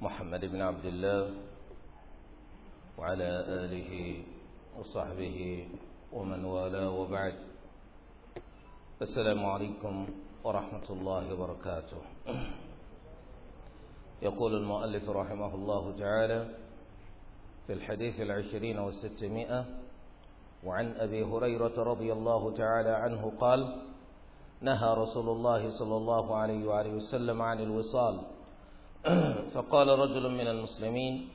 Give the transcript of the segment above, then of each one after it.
محمد بن عبد الله وعلى آله وصحبه ومن والاه وبعد السلام عليكم ورحمة الله وبركاته يقول المؤلف رحمه الله تعالى في الحديث العشرين والستمائة وعن أبي هريرة رضي الله تعالى عنه قال نهى رسول الله صلى الله عليه وآله وسلم عن الوصال فقال رجل من المسلمين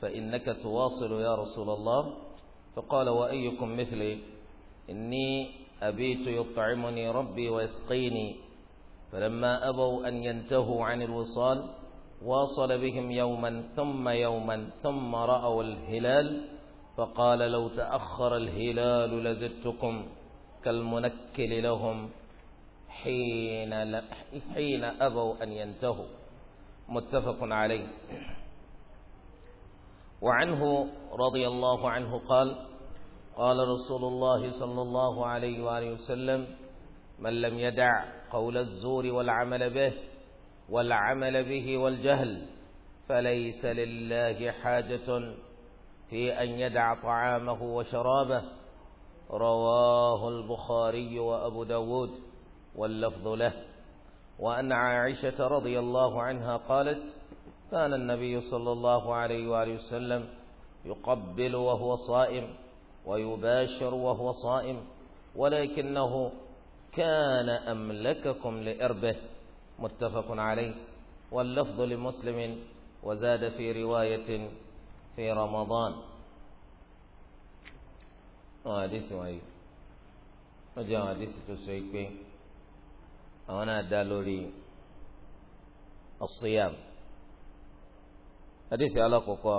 فإنك تواصل يا رسول الله فقال وأيكم مثلي إني أبيت يطعمني ربي ويسقيني فلما أبوا أن ينتهوا عن الوصال واصل بهم يوما ثم يوما ثم رأوا الهلال فقال لو تأخر الهلال لزدتكم كالمنكل لهم حين, حين أبوا أن ينتهوا متفق عليه وعنه رضي الله عنه قال قال رسول الله صلى الله عليه وآله وسلم من لم يدع قول الزور والعمل به والعمل به والجهل فليس لله حاجة في أن يدع طعامه وشرابه رواه البخاري وأبو داود واللفظ له وأن عائشة رضي الله عنها قالت كان النبي صلى الله عليه وآله وسلم يقبل وهو صائم ويباشر وهو صائم ولكنه كان أملككم لإربه متفق عليه واللفظ لمسلم وزاد في رواية في رمضان حديث وعيد وجاء حديث àwọn náà dá lórí as-siyam hadith alákọ̀ọ́kọ́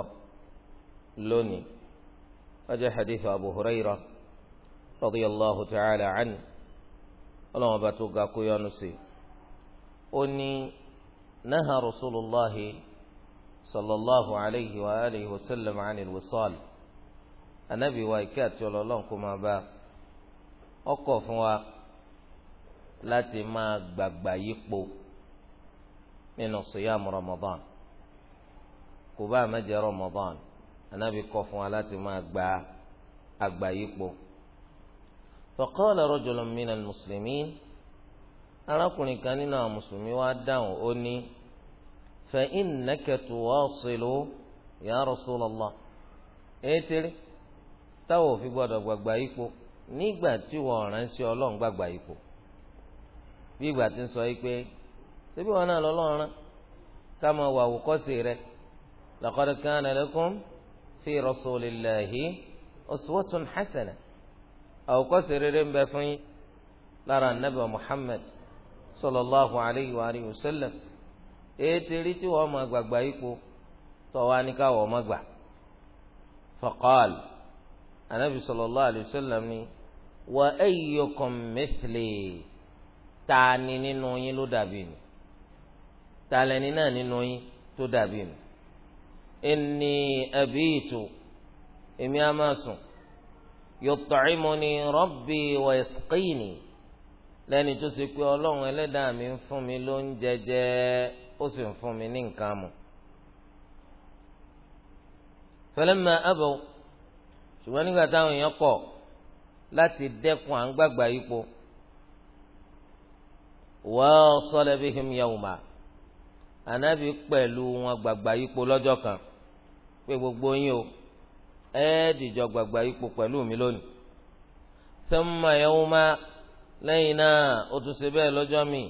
lónìí ọjọ́ hadith abu huraira radiyallahu ta'ala anhu ọlọ́wọ́n bá tó ga kó yọnu sí i ó ní naha rasulullahi sallallahu alayhi wa alihi wa sallam anil wisal anabi wa ike àti bá ọkọ̀ fún wa láti máa gbàgbà yípo nínú siyam ramadan kò bá àmẹjẹ ramadan anabi kọ fún wa láti máa gba àgbà yípo. faqala rajulun minal muslimin arákùnrin kan nínú àwọn mùsùlùmí wa dáhùn ó ní fa innaka tuwasilu ya rasulallah ètèrè táwọn òfin gbọ́dọ̀ gbàgbà yípo nígbà tí wọn ránṣẹ́ Ọlọ́run gbàgbà yípo bí ìgbà tí ń sọ yìí pé ṣébí wọn náà lọ́lọ́run rán ká máa wà àwòkọ́ṣe rẹ̀ laqad kana lakum fi rasulillahi uswatun hasana àwòkọ́ṣe rere ń bẹ fún yín lára anabi muhammad sallallahu alayhi wa alihi wa sallam èyí ti rí tí wọ́n máa gbàgbà ipò tọ́wọ́ ní káwọ́ máa gbà faqal anabi sallallahu alayhi wa sallam ni wa ayyukum mithli ta ni nínú yín ló dàbí mi ta lẹni náà nínú yín tó dàbí mi inni abitu èmi á máa sùn yut'imuni rabbi wa yasqini lẹ́ni tó ṣe pé ọlọ́run ẹlẹ́dàá mi ń fún mi ló ń jẹjẹ ó sì ń fún mi ní nǹkan mu. falamma abaw ṣùgbọ́n nígbà táwọn èèyàn kọ̀ láti dẹ́kun à yípo wasala bihim yawma anabi pẹ̀lú wọn gbàgbà yípo lọ́jọ́ kan pé gbogbo yín o ẹ dìjọ gbàgbà yípo pẹ̀lú mi lónìí thumma yawma lẹ́yìn náà ó tún ṣe bẹ́ẹ̀ lọ́jọ́ mi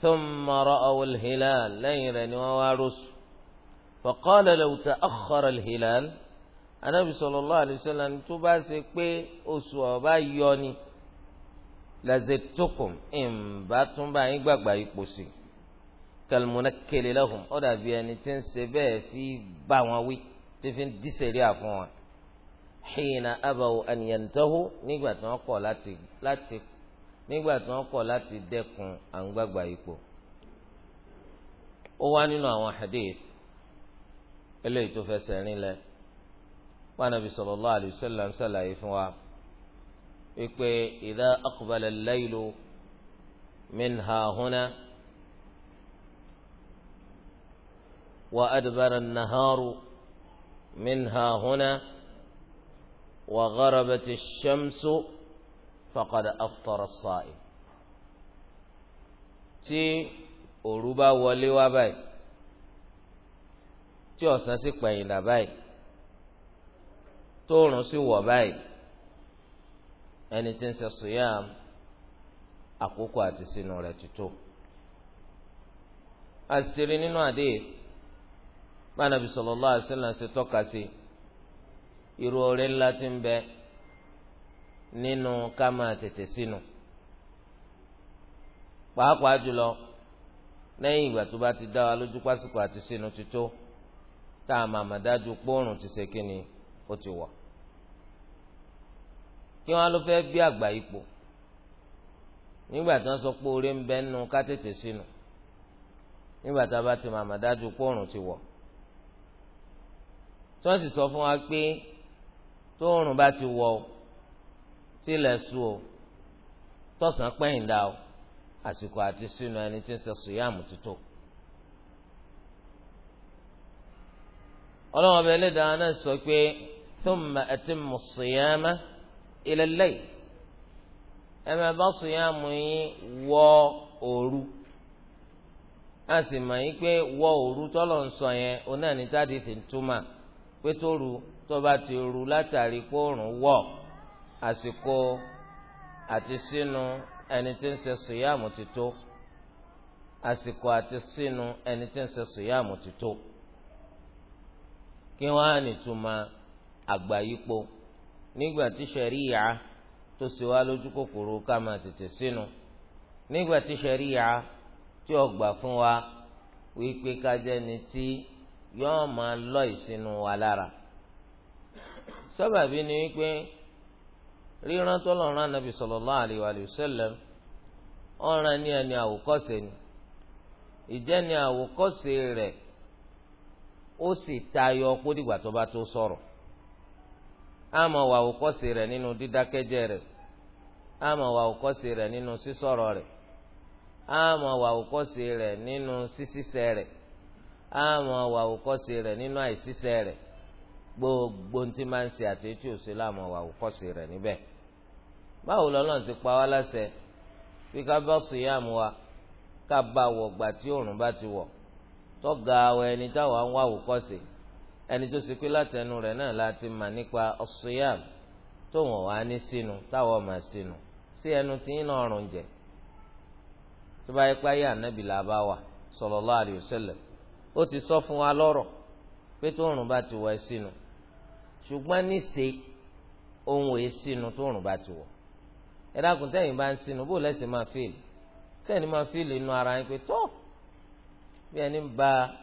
thumma ra'aw al-hilal lẹ́yìn rẹ̀ ni wọ́n wá rọ́ṣù faqala law ta'akhkhara hilal anabi sallallahu alaihi wasallam tó bá ṣe pé oṣù ọba yọ ni lazetukum ìmbà túnbà yín gbàgbà ipò sí kalimuna kele lahum ó dàbí ẹni tí ń ṣe bẹ́ẹ̀ fi bá wọn wí tí fi ń dísèrè àfún wọn hìnà abawo ànìyàntọ́hó nígbà tí wọ́n kọ̀ láti láti nígbà tí wọ́n kọ̀ láti dẹ́kun à ń gbàgbà ipò ó wá nínú àwọn hadith eléyìí tó fẹsẹ̀ rinlẹ̀ wọn ànábì sallallahu alaihi wasallam ń ṣàlàyé fún wa wípé idha aqbala al-laylu min hahuna wa adbara an-naharu min hahuna wa gharabati ash-shamsu faqad aftara as-sa'im tí òru bá wọlé wá báyìí tí ọ̀sán sì pẹ̀yìn dà báyìí tóòrùn ẹni tí ń ṣe siyam àkókò àti sínú rẹ̀ tuntun àṣírí nínú àdéhìí bánabi sallallahu alaihi wasallam ṣe tọ́ka sí irú oore ńlá tí ń bẹ nínú ká máa tètè sínú pàápàá jùlọ lẹ́yìn ìgbà tó bá ti dá wa lójú àti sínú ti tó tá a ti ṣe kí ni ti kí wọ́n lọ fẹ́ bí àgbà ipò nígbà tí wọ́n sọ pé oore ń bẹ nínú ká tètè sínú nígbà tá a bá ti màmá dájú kóòrùn ti wọ̀ tí wọ́n sì sọ fún wa pé tóòrùn bá ti wọ̀ tilẹ̀ sùn o tọ̀sán pẹ́yìn dá o àsìkò àti sínú ẹni tí ń sọ sùyàmù ti ọlọ́wọ́n bẹ ẹlẹ́dàá náà sọ pé thumma atimmu siyama ila al-layl ẹ máa bá sùyàmù yín wọ òru a sì mọ̀ yín pé wọ òru tọ́lọ̀ ń sọ yẹn òun náà ní táàdì fi ń túmọ̀ pé tó ru tó bá ti ru látàrí pé òòrùn wọ̀ àsìkò àti sínú ẹni tí ń ṣe sùyàmù ti tó àsìkò àti sínú ẹni tí ń ṣe sùyàmù ti tó kí wọ́n á nìtúmọ̀ àgbáyípo nígbà tí sẹ̀ríyà tó sì wá lójú kòkòrò ká máa tètè sínú nígbà tí sẹ̀ríyà tí ó gbà fún wa wípé ká jẹ́ni tí yóò máa lọ ìsinú wa lára sábàbí ni wípé ríran tó lọ́ọ́ rán anabi sallallahu alaihi wa ọ̀ràn ni ẹni àwòkọ́ṣe ni ìjẹ́ni àwòkọ́ṣe rẹ̀ ó sì tayọ kó dìgbà tó bá tó sọ̀rọ̀ àmọ́ wà òkọ́sí rẹ̀ nínú dídákẹ́jẹ́ rẹ̀ àmọ́ wà òkọ́sí rẹ̀ nínú sísọ̀rọ̀ rẹ̀ àmọ́ wà òkọ́sí rẹ̀ nínú sísísẹ́ rẹ̀ wà òkọ́sí rẹ̀ nínú àìsísẹ́ rẹ̀ gbogbo ntí máa ń ṣe àti etí òsè láàmú wà òkọ́sí rẹ̀ níbẹ̀ báwo ti pa wá ká bá wa ká bá wọ̀ gbà tí ti wọ̀ tọ́ga ẹni táwọn òkọ́sí ẹni tó ṣe pé látẹnu enu náà láti mà nípa nipa tó wọ́n wá ní sínú táwọn mà sínú sí ẹnu tí ń náà rùn jẹ tó bá yẹ pé ayé ànábì là bá wà ti sọ fún wa lọrọ pé tó rùn bá ti wọ ẹ sínú ṣùgbọ́n níṣe ohun èé sínú tó rùn bá ti wọ ẹ dákun tẹ́yìn bá ń sínú bó lẹ́sìn máa fèèlì tẹ́yìn máa ara yín pé tó bí ẹni ń ba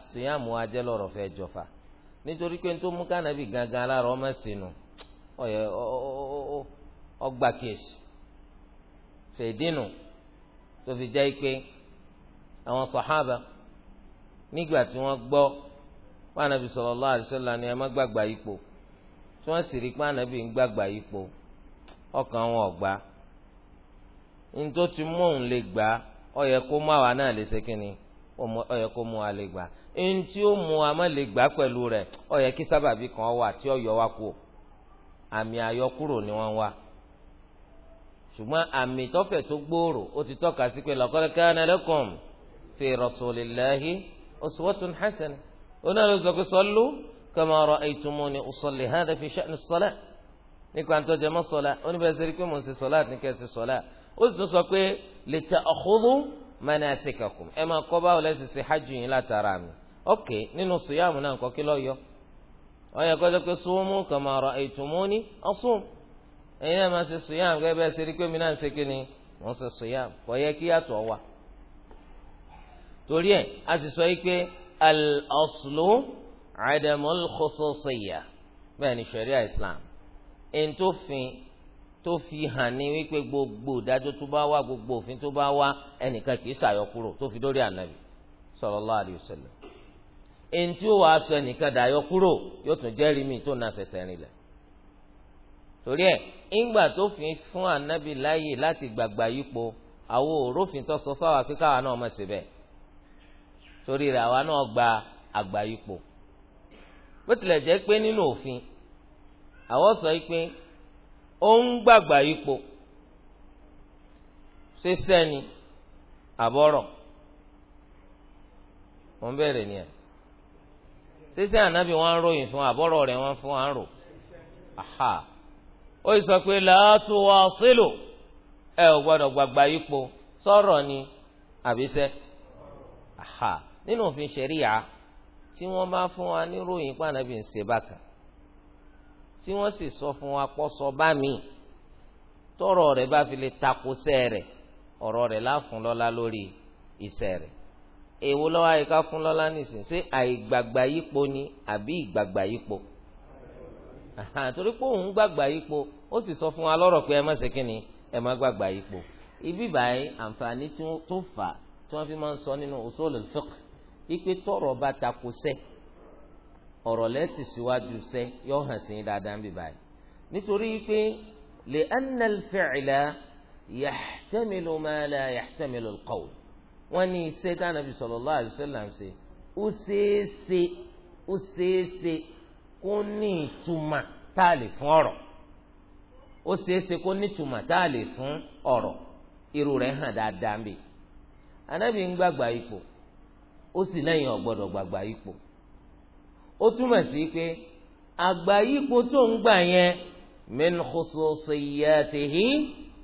nítorí pé tó mú kánàbì gangan alára ọmọ sínú ọgbà kìsì fèdínù tó fi jẹ́ pé àwọn sàhábà nígbà tí wọ́n gbọ́ pàànàbì sallallahu alaihi wasallam ni ẹ má gbàgbà ipò tí wọ́n sì rí pàànàbì ń gbàgbà ipò ọkàn wọn ọ̀gbà nítorí tí mò ń lè gbà ọ yẹ kó mú àwa náà lè ṣe kínni ọ kó mú wa lè gbà ẹni tí ó mú amá lè gbà pẹ̀lú rẹ̀ ó yẹ kí sábàbí kan wà tí ó yọ wá kú àmì àyọkúrò ni wọ́n wá ṣùgbọ́n àmì tọ́fẹ̀ tó gbòòrò ó ti tọ́ka sí pé laqad kana lakum fi rasulillahi uswatun hasanah onáàlú sọ pé sallu kama ra'aytumuni usalli hadha fi sha'ni as-salah nípa àtọ́jọ́ mọ́ sọ́lá oníbẹ̀sẹ̀ rí pé mò ń ṣe sọ́lá àti nìkẹ́ ṣe sọ́lá ó sì tún sọ pé lita'khudhu manasikakum ẹ máa kọ́ báwo lẹ́sìn ṣe hajj yín látara mi ok nínú sùyàmù náà kọ́ kí lọ́ọ́ yọ ọ yẹ kó jẹ́ pé sumu kama ra'aytumuni asum ẹ̀yin náà máa ṣe sùyàmù gẹ́gẹ́ bẹ́ẹ̀ ṣe rí pé mi náà ń ṣe kí ni wọ́n ṣe sùyàmù kò yẹ kí yàtọ̀ wà torí ẹ̀ a sì sọ yìí pé al-aslu adamul khususiyya bẹ́ẹ̀ ni sharia islam ẹni tó fi tó fi hàn ní wípé gbogbo ìdájọ́ tó bá wá gbogbo òfin tó bá wá ẹnìkan kì í ṣàyọkúrò tó fi dórí ànábì sallallahu alayhi ẹni tí ó wàá sọ ẹnìkan dàyọ kúrò yóò tún jẹ́rìí mi tó na fẹsẹ̀ rinlẹ̀ torí ẹ ńgbà tó fi fún anabi láàyè láti gbàgbà yípo àwọn òrófin tó sọ fáwọn akékàwá náà mọ̀ síbẹ̀ torí rẹ̀ àwa náà gba àgbà yípo bó tilẹ̀ jẹ́ pé nínú òfin àwọn sọ yìí pé ó ń gbàgbà yípo ṣé sẹ́ni àbọ̀rọ̀ mo ń bẹ̀rẹ̀ ni ṣíṣe ànábì wọn ń ròyìn fún àbọ̀rọ̀ rẹ̀ wọn fún wọn rò aha ó sọ pé làátú wa sílò ẹ ò gbọdọ̀ gbàgbà yípo sọ̀rọ̀ ni àbíṣẹ́ aha nínú òfin ṣẹ̀ríyà tí wọ́n bá fún wa níròyìn pé ànábì ń ṣe bákan tí wọ́n sì sọ fún wa pọ́ sọ bá mi tọ̀rọ̀ rẹ̀ bá fi lè takò sẹ́ẹ̀ rẹ̀ ọ̀rọ̀ rẹ̀ láfun lọ́lá lórí iṣẹ́ rẹ̀ èwo lọ́wọ́ àyíká fún lọ́lá nìsín ṣé àìgbàgbà yípo ni àbí ìgbàgbà yípo torí pé òun gbàgbà yípo ó sì sọ fún wa lọ́rọ̀ pé ẹ má ṣe kíni ẹ má gbàgbà yípo ibi báyìí àǹfààní tó fà tí wọ́n fi máa ń sọ nínú usulul fiqh ipe tọrọ bá tako sẹ́ ọ̀rọ̀ lẹ́tì síwájú sẹ́ yóò hàn sí dáadáa níbi báyìí nítorí pé li'anna al-fi'la yahtamilu wọ́n ní iṣẹ́ tánàbí sallallahu alaihi wasallam ṣe ó ṣeéṣe ó ṣeéṣe kó ní ìtumọ̀ tá a lè fún ọ̀rọ̀ ó ṣeéṣe kó ní ìtumọ̀ tá a lè fún ọ̀rọ̀ irú rẹ̀ hàn dáadáa mi anábì ń gbàgbà ipò ó sì lẹ́yìn ọ̀gbọ́dọ̀ gbàgbà ipò ó túmọ̀ sí pé àgbà ipò tó ń gbà yẹn min khususiyyatihi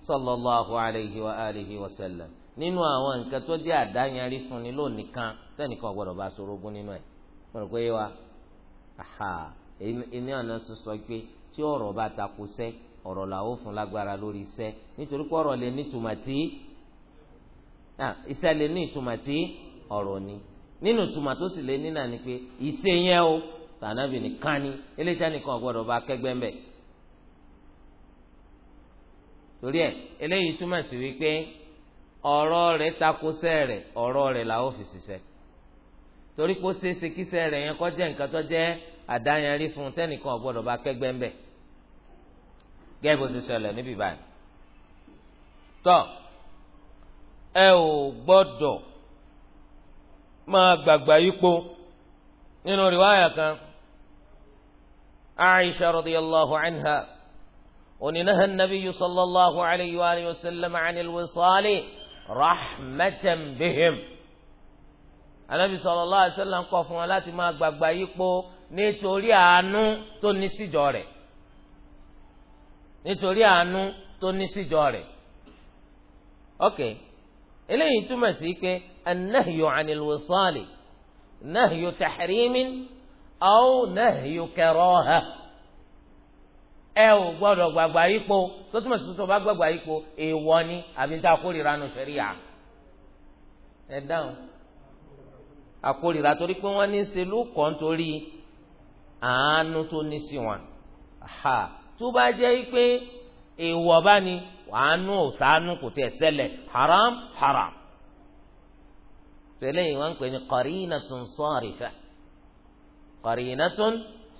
sallallahu alayhi wa alihi wa sallam nínú àwọn nǹkan tó jẹ́ àdáyanrí fún ni lónìí kan tẹ́nìkan gbọ́dọ̀ bá sọ̀rọ̀ ogún nínú ẹ̀ wọ́n rò pé wa iná ọ̀nà sọ pé tí ọ̀rọ̀ bá takò sẹ́ ọ̀rọ̀ làwọn fún lágbára lórí iṣẹ́ nítorí pé ọ̀rọ̀ lè ní ìtumọ̀ tí iṣẹ́ lè ní ìtumọ̀ tí ọ̀rọ̀ ni nínú ìtumọ̀ tó sì lè ní náà ni pé iṣẹ́ yẹn o tànàbì nìkan ni eléyìí tẹ́nìkan gbọ́dọ̀ bá kẹ́gbẹ́ mbẹ́ torí ẹ̀ eléyìí túmọ̀ sí wípé. ọ̀rọ̀ rẹ̀ takosẹ́ rẹ̀ ọ̀rọ̀ rẹ̀ la ó fi ṣiṣẹ́ torí kó ṣe é ṣe kíṣẹ́ rẹ̀ yẹn kó jẹ́ nǹkan tó jẹ́ àdáyanrí fún un tẹ́nìkan ò gbọ́dọ̀ bá kẹ́gbẹ́ ń bẹ̀ gẹ́gẹ́ bó ṣe ṣẹlẹ̀ níbí báyìí tọ́ ẹ ò gbọ́dọ̀ máa gbàgbà yípo nínú rìwáyà kan Aisha radiyallahu anha oninahan nabiyyu sallallahu alayhi wa sallam anil wisali rahmatan bihim anabi sallallahu alaihi wasallam kọ̀ fún wa láti máa gbàgbà yípo nítorí àánú tó ní síjọ rẹ̀ nítorí àánú tó ní síjọ rẹ̀ ok eléyìí túmọ̀ sí pé annahyu anil wisali nahyu tahrimin aw nahyu karaha ẹ ò gbọ́dọ̀ gbàgbà yípo tó túmọ̀ sí tó bá gbàgbà yípo èèwọ̀ ni àbí tá a kórìíra nù sẹ́ríà ẹ dáhùn àkórìíra torí pé wọ́n ní í ṣe lóko nítorí àánú tó ní sí wọn tó bá jẹ́ pé èèwọ̀ bá ní àánú ò sànú kò tẹ̀ ṣẹlẹ̀ haram haram tẹ́lẹ̀ yìí ń pè ní qarinatun sarifa qarinatun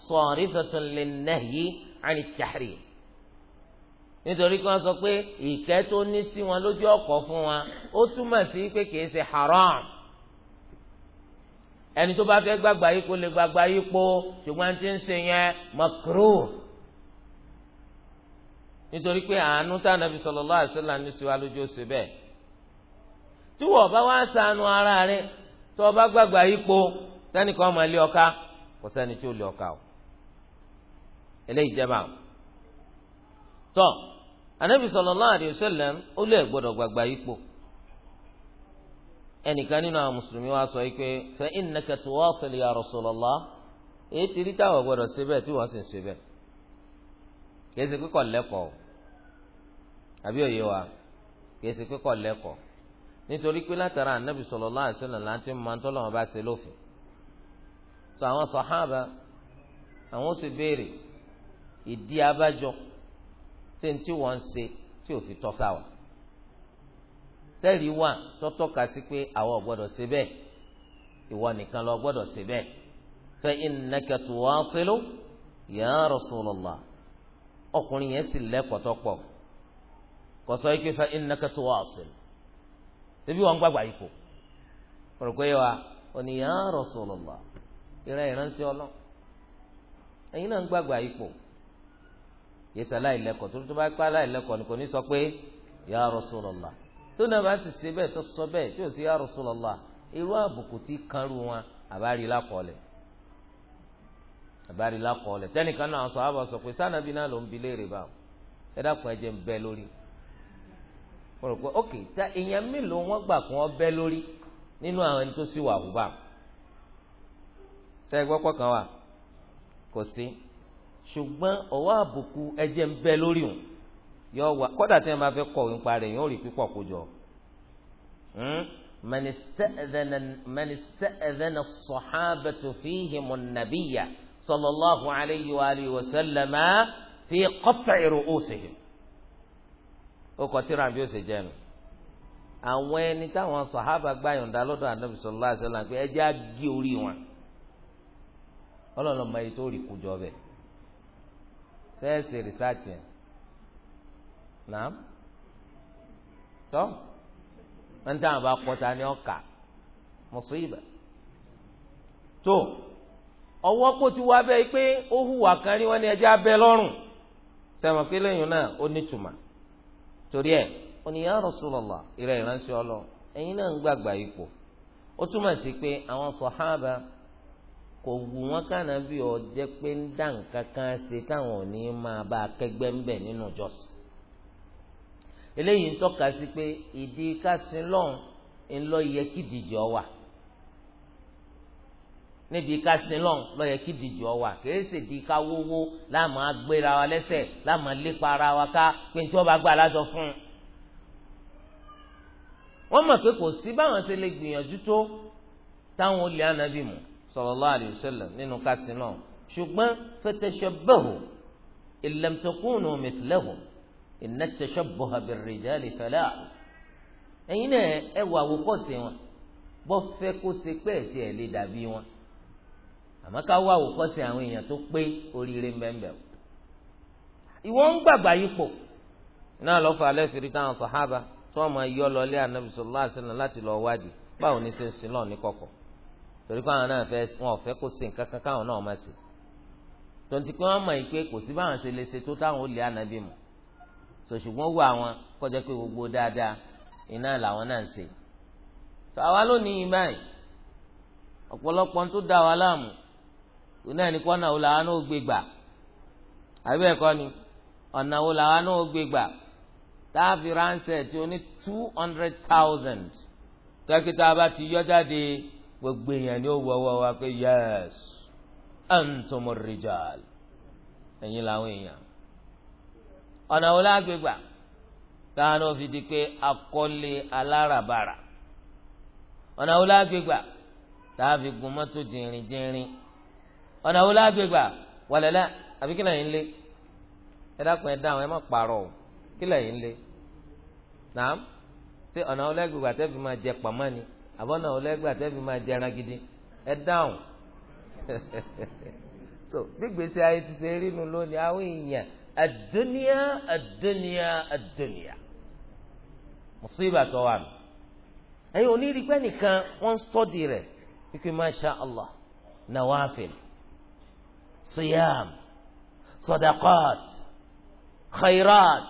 sarifatun lin nahyi àní tahrim nítorí kí wọ́n sọ pé ìkẹ́ tó ní sí wọn lójú ọ̀kọ̀ fún wọn ó túmọ̀ sí pé kìí ṣe haram ẹni tó bá fẹ́ gbàgbà yípo lè gbàgbà yípo ṣùgbọ́n tí ń ṣe yẹn makruh nítorí pé àánú tá Ànábì sallallahu alaihi wasallam ní sí wa lójú ọ̀sẹ̀ bẹ́ẹ̀ tí wọ́n bá wá ṣàánú ara rẹ̀ tó bá gbàgbà yípo sẹ́nìkan ọmọ ilé ọ̀ka kò sẹ́ni tí ó lé ọ̀ka o. eléyìí jẹba tọ anabi sallallahu alayhi wa sallam ó lè gbọ́dọ̀ gbàgbà ipò ẹnìkan nínú àwọn mùsùlùmí wa sọ yìí pé fa innaka ya Rasulullah èyí ti rí táwọn gbọ́dọ̀ ṣe bẹ́ẹ̀ tí wọ́n sì ń ṣe bẹ́ẹ̀ kìí ṣe kíkọ lẹ́kọ̀ọ́ àbí òye wa kìí ṣe anabi láti máa ń bá ṣe lófin tó àwọn ìdí abájọ tí wọ́n ń ṣe tí ò fi tọ́ sáwà wà sí pé àwọn ò gbọ́dọ̀ bẹ́ẹ̀ ìwọ nìkan ló gbọ́dọ̀ bẹ́ẹ̀ ya Rasulullah ọkùnrin yẹn sì lẹ́kọ̀ọ́tọ́ pọ̀ ike sọ pé fa innaka tuwasilu ṣebí wọn gbàgbà yìí kò wa ò ní ìrẹ́ ìránṣẹ́ ọlọ́ yẹsẹ aláìlẹkọ tó tó bá pẹ aláìlẹkọ ni kò ní sọ pé ya Rasulullah tó náà bá sì ṣe bẹ́ẹ̀ tó sọ bẹ́ẹ̀ tí ò sí ya Rasulullah irú àbùkù tí kanru wọn àbárí lákọọlẹ àbárí lákọọlẹ tẹnìkan náà sọ àbọ sọ pé sànàbí náà ló ń bi léèrè bá ẹ dákun ẹ jẹ ń bẹ lórí mo rò pé ok ta èèyàn mélòó wọn gbà kó wọn bẹ lórí nínú àwọn ẹni tó sì wà hùwà sẹ ẹ gbọ́ pọ̀ kan wà kò sí ṣùgbọ́n ọwọ́ àbùkù ẹ̀jẹ̀ ń bẹ lórí òun yọ wá kódà tí wọn bá fẹ́ kọ̀wé nípa rẹ̀ yóò rí pípọ̀ kó jọ. mẹnistẹ́ẹ̀dẹ́nà sọ̀hábẹ́tò fíhìmù nàbíyà sọlọ́láhu aleyhi wa aleyhi wa sẹlẹ̀mà fi kọ́pẹ̀ ìrù òsèhìm. ó kọ tíra bí ó ṣe jẹ́ nu. àwọn ẹni táwọn sọ̀hábà gbà yọ̀ǹda lọ́dọ̀ ànábì sọlọ́láhu aleyhi wa sẹlẹ̀mà pé ẹjẹ́ á gé orí wọn. ọlọ́run ọmọ yìí rí kó jọ bẹ́ẹ̀. sẹ́ẹ̀sì rìsáàtì yẹn tọ tọ́ wọ́n tí àwọn bá kọta ní ọkà mùsùlùmí tó ọwọ́ kò ti wá bẹ́ẹ̀ pé ó hùwà kan rí wọn ní ẹjẹ́ abẹ́ lọ́rùn sẹ́wọ̀n pé lẹ́yìn náà ó nítumà torí ẹ̀ oníyà ìrẹ̀ ìránṣẹ́ ọlọ ẹ̀yin náà ń gbàgbà kò wù wọn kànáà bí ọ jẹ pé ń dá nǹkan kan ṣe káwọn ò ní máa bá akẹgbẹ́ ń bẹ̀ nínú ìjọsìn eléyìí ń tọ́ka sí pé ìdí kásin lọ́hùn ń lọ yẹ kí ìdíje ọ wà níbi kásin lọ́hùn lọ yẹ kí ìdíje ọ wà kìí ṣe di ká wówó láàmú agbéra wa lẹ́sẹ̀ láàmú lépa ara wa ká pé tí wọ́n bá gbà lájọ fún un wọ́n mọ̀ pé kò sí báwọn ṣe lè gbìyànjú tó táwọn olè ànábì mú sallallahu alayhi wa sallam nínú kásì náà ṣùgbọ́n fatashabbahu illam takunu mithlahum inna tashabbuha birrijali falah ẹ̀yin náà ẹ wà àwòkọ́ṣe wọn bọ́ fẹ́ kó ṣe pé ẹ̀ tiẹ̀ lè dàbí wọn àmọ́ ká wá àwòkọ́ṣe àwọn èèyàn tó pé oríire mbẹ́mbẹ́ o ìwọ ń gbàgbà yípo náà lọ́ fà alẹ́ fìrí táwọn sàhábà tí wọ́n máa yọ lọ lé ànábì sallallahu alaihi wasallam láti lọ wádìí báwo ni ṣe ń sin lọ́ọ̀ ní kọ̀kọ̀ torí pé àwọn náà fẹ́ wọn ò fẹ́ kó ṣe nǹkan kan káwọn náà má ṣe tonti pé wọ́n mọ̀ yìí pé kò sí báwọn ṣe lè ṣe tó táwọn ò lè ànábì mu sọ ṣùgbọ́n wọ àwọn kọjá pé gbogbo dáadáa iná làwọn náà ń ṣe tó àwa lónìí báyìí ọ̀pọ̀lọpọ̀ tó da wa láàmú iná ní kọ́nà wo làwọn náà ó gbé gbà àbí ẹ̀kọ́ ni ọ̀nà wo làwọn náà ó gbé gbà táàfì ránṣẹ́ tí ó ní two hundred thousand tẹ́kítà bá ti yọ jáde gbogbo èèyàn ni ó wọ ọwọ́ wa pé yẹ́s antumur rijal ẹ̀yin làwọn èèyàn ọ̀nà wo lágbègbà táwọn ò fi di pé akọ́lé alárabàrà ọ̀nà wo lágbègbà táwọn fi gun mọ́tò jìnrìnjìnrìn ọ̀nà wo lágbègbà wàlẹ́lẹ́ àbí kí lẹ́yìn lé ẹ dákun ẹ dáhùn ẹ má pààrọ̀ o kí lẹ́yìn lé nàám ṣé ọ̀nà wo lágbègbà tẹ́ fi máa jẹ pàmò ni àbọ̀nà ọlẹ́gbà tẹ́bi máa jẹ ẹran gidi ẹ dáhùn so gbígbèsè ayé ti ṣe rínu lónìí àwọn èèyàn àdúnìá àdúnìá àdúnìá mùsùlùmí tó wà mí ẹ̀yin onírìgbẹ́ nìkan wọ́n ń stọ́dì rẹ̀ wípé masha allah nawafil siyam sadaqat khairat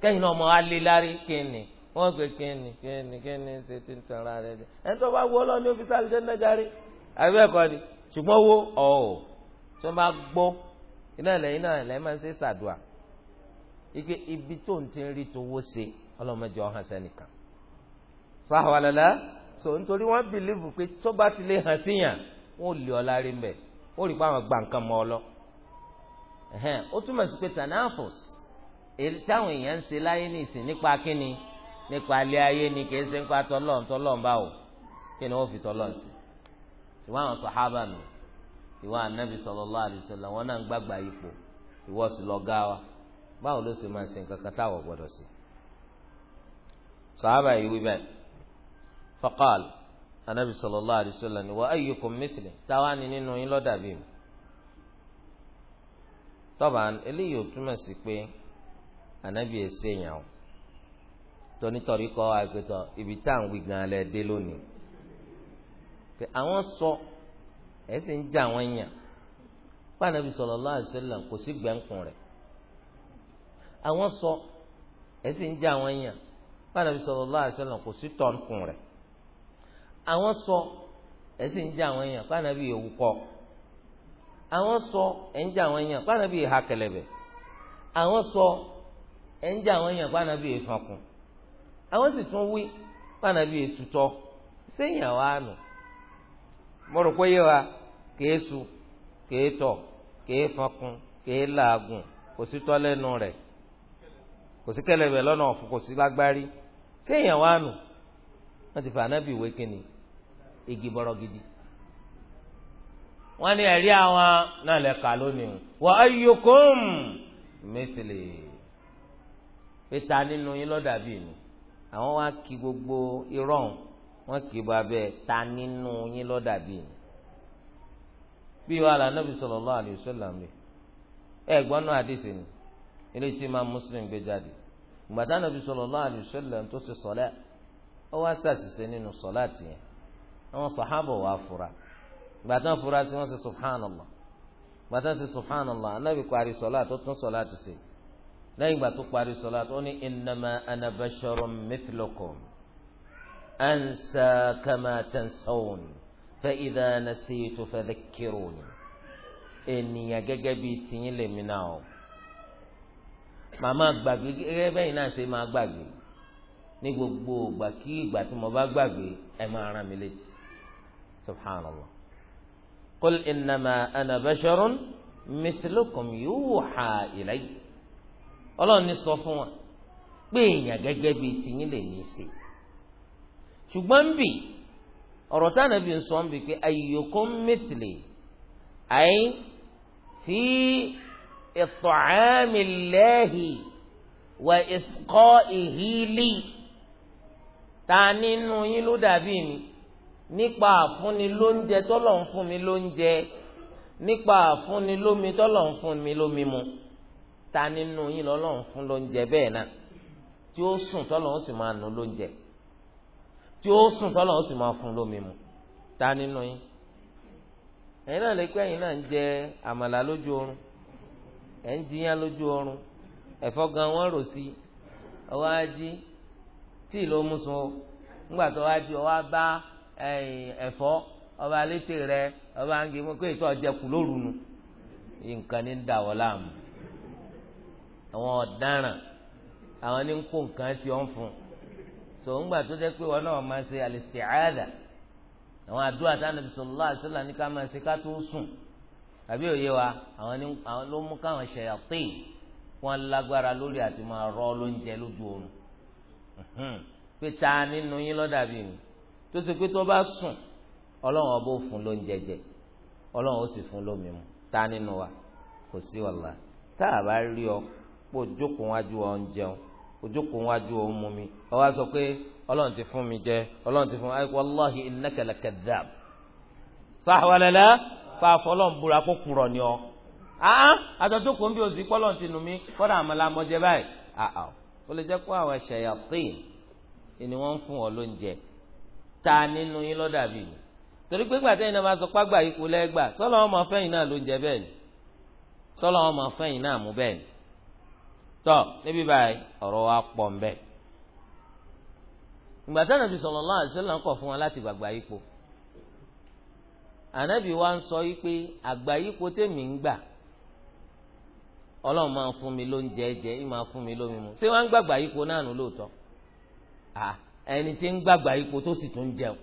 kẹ́yìn náà mọ̀ á wọ́n pe kíni kíni kíni ṣe ti ń tanra rẹ̀ dẹ̀ ẹni tó bá wọ ọlọ́run ní ọ́fíìsì àlùjẹ́ndẹ́ gari àbí ẹ̀kọ́ ni ṣùgbọ́n wo ọ̀ tó bá gbọ́ iná ilẹ̀ iná ilẹ̀ máa ń ṣe ṣàdùà ike ibi tó ń ti rí tó wó ṣe ọlọ́mọdé ọ̀hán sẹ́nìkan sáwàlálá so nítorí wọ́n bìlíìfù pé tó bá ti lè hàn síyàn wọ́n lè ọ lárí mbẹ wọ́n rí i pé àwọn gba nǹkan mọ́ ọ lọ ó túmọ̀ sí pé tanafus nípa ilé ayé ni kì í ṣe nípa tọlọ́n tọlọ́n bá o kí ni wọ́n fi tọlọ́n sí ìwọ àwọn sàhábà nù ìwọ ànábì sallallahu alaihi wasallam wọn náà ń gbàgbà ipò ìwọ sì lọ gá wa báwo ló sì máa ṣe nǹkan kan táwọn gbọ́dọ̀ sí. sàhábà yìí wí bẹ́ẹ̀ faqal ànábì sallallahu alaihi wasallam ni wa ayyukum mithli táwa ni nínú yín ló dà mi. tọ́ba eléyìí ò túmọ̀ sí pé ànábì èsè yàn o tónítorí kọ́ àìpẹ̀tọ̀ ibi tá à ń wí gan lẹ dé lónìí àwọn sọ ẹ̀ sì ń jẹ́ àwọn èèyàn pàànàbí sallallahu alaihi wasallam kò sí gbẹ̀ǹkùn rẹ̀ àwọn sọ ẹ̀ sì ń jẹ́ àwọn èèyàn pàànàbí sallallahu alaihi wasallam kò sí tọ̀ǹkùn rẹ̀ àwọn sọ ẹ̀ sì ń jẹ́ àwọn èèyàn pàànàbí òwú kọ́ àwọn sọ ẹ̀ ń jẹ́ àwọn èèyàn pàànàbí ìhà kẹlẹ̀bẹ̀ àwọn sọ ẹ̀ ń jẹ́ àwọn èèyàn pàànàbí ìfọ̀kùn àwọn sì tún wí pànàbí ètùtọ́ sẹ́yìn àwọn àánú mo rò pé yé wa kèé su kèé tọ̀ kèé fọkun kèé làágùn kò sí tọ́ lẹ́nu rẹ̀ kò sí kẹlẹ̀bẹ̀ lọ́nà ọ̀fun kò sí lágbárí sẹ́yìn àwọn àánú wọ́n ti fànàbí ìwé kínní igi bọ́rọ̀ gidi wọ́n ní ẹ̀rí àwọn náà lè lónìí wà á yọkùn mẹsìlè pété nínú yín lọ́dàbí nù àwọn wá kí gbogbo irọ́ wọn kì í bá bẹ́ẹ̀ ta nínú yín lọ́dà bíi ni bí wàá la nàbì sallallahu alayhi wa sallam ẹ gbọ́n náà àdìsí ni ilé tí máa Muslim gbé jáde gbàtà nàbì sallallahu alayhi wa sallam tó ṣe sọlẹ ó wá ṣàṣìṣe nínú sọlá tìyẹn àwọn sàhábà wàá fura gbàtà fura sí wọn ṣe subhanallah gbàtà ṣe subhanallah anábì kọ àrí sọlá tó tún sọlá ti lẹ́yìn ìgbà tó parí sọlá tó ní innama ana basharum mithlukum ansa kama tansawun fa idha nasitu fadhakkiruni ènìyàn gẹ́gẹ́ bíi tìyín lèmi náà o màmá gbàgbé gẹ́gẹ́ bẹ́yìn náà ṣe máa gbàgbé ní gbogbo ìgbà kí ìgbà tí mo bá gbàgbé ẹ máa rán mi létí subhanallah qul innama ana basharun mithlukum yuha ilayya ọlọ́run ní sọ fún wa pé èèyàn gẹ́gẹ́ bíi tìyín lè ní í ṣe ṣùgbọ́n ń bì ọ̀rọ̀ táwọn ẹbí ń sọ ń bì pé ayyukum mithli ay fi it'ami Allahi wa isqa'ihi li ta nínú yín ló dàbí mi nípa àfúnni lóúnjẹ tọ́lọ̀ ń fún mi lóúnjẹ nípa àfúnni lómi tọ́lọ̀ ń fún mi lómi mu. Lo ta nínú yín lọ́lọ́run fún lóúnjẹ bẹ́ẹ̀ náà tí ó sùn tọ́lọ́run sì máa nù lóúnjẹ tí ó sùn tọ́lọ́run sì máa fún lómi mu ta nínú yín ẹ̀yin náà lè pé ẹ̀yin náà ń jẹ àmàlà lójú oorun ẹ̀ ń jiyàn gan wọ́n rò sí ọwọ́ ají tí ìlú omusun o ńgbà tó wá jí ọwọ́ abá ẹ̀fọ́ ọba létè rẹ ọba ń gbé mọ́ ètò àwọn ọ̀daràn àwọn ní kó nǹkan sí ọ̀n fún so gbà tó jẹ́ pé wọn náà máa ṣe al àwọn àdúrà tí Ànábì sallallahu ní ká máa ṣe ká tó sùn àbí òye wa àwọn ló mú káwọn wọn lágbára lórí àti máa rọ lóúnjẹ lójú oorun pé ta nínú yín lọ́dà bí mi tó ṣe pé bá sùn ọlọ́run ọba ò fún ọ pé ojókòó wájú ọ̀ ń jẹun ojókòó wájú ń mi ọ wá sọ pé ọlọ́run ti fún mi jẹ ọlọ́run ti fún mi wàláhi innaka lakadhab sàwàlẹ́lẹ́ fa fọlọ́n búra kó kúrọ̀ ni ọ. àtọ̀jókòó ń bí oṣù kọ́lọ́n ti nù mí kọ́dà àmàlà mọ́jẹ báyìí. ó lè jẹ́ kó àwọn ṣàyàtín ni wọ́n ń fún ọ lóúnjẹ ta nínú yín lọ́dà torí pé gbàtẹ́ iná máa sọ lẹ́gbà sọ́lọ́ ọmọ fẹ́yìn náà lóúnjẹ bẹ́ẹ̀ ni sọ́lọ́ ọmọ fẹ́yìn náà mú bẹ́ẹ̀ tọ́ níbí báyìí ọ̀rọ̀ wa pọ̀ ń bẹ́ẹ̀ ìgbà tí anabi sallallahu alaihi wasallam kọ̀ fún wa láti gbàgbà ipò anabi wa ń sọ yìí pé àgbà ipò tèmi ń gbà Ọlọ́run máa ń fún mi lóúnjẹ jẹ ẹ máa fún mi lómi mu ṣé wọ́n ń gbàgbà ipò náà nù lóòótọ́ ẹni tí ń gbàgbà ipò tó sì tún jẹun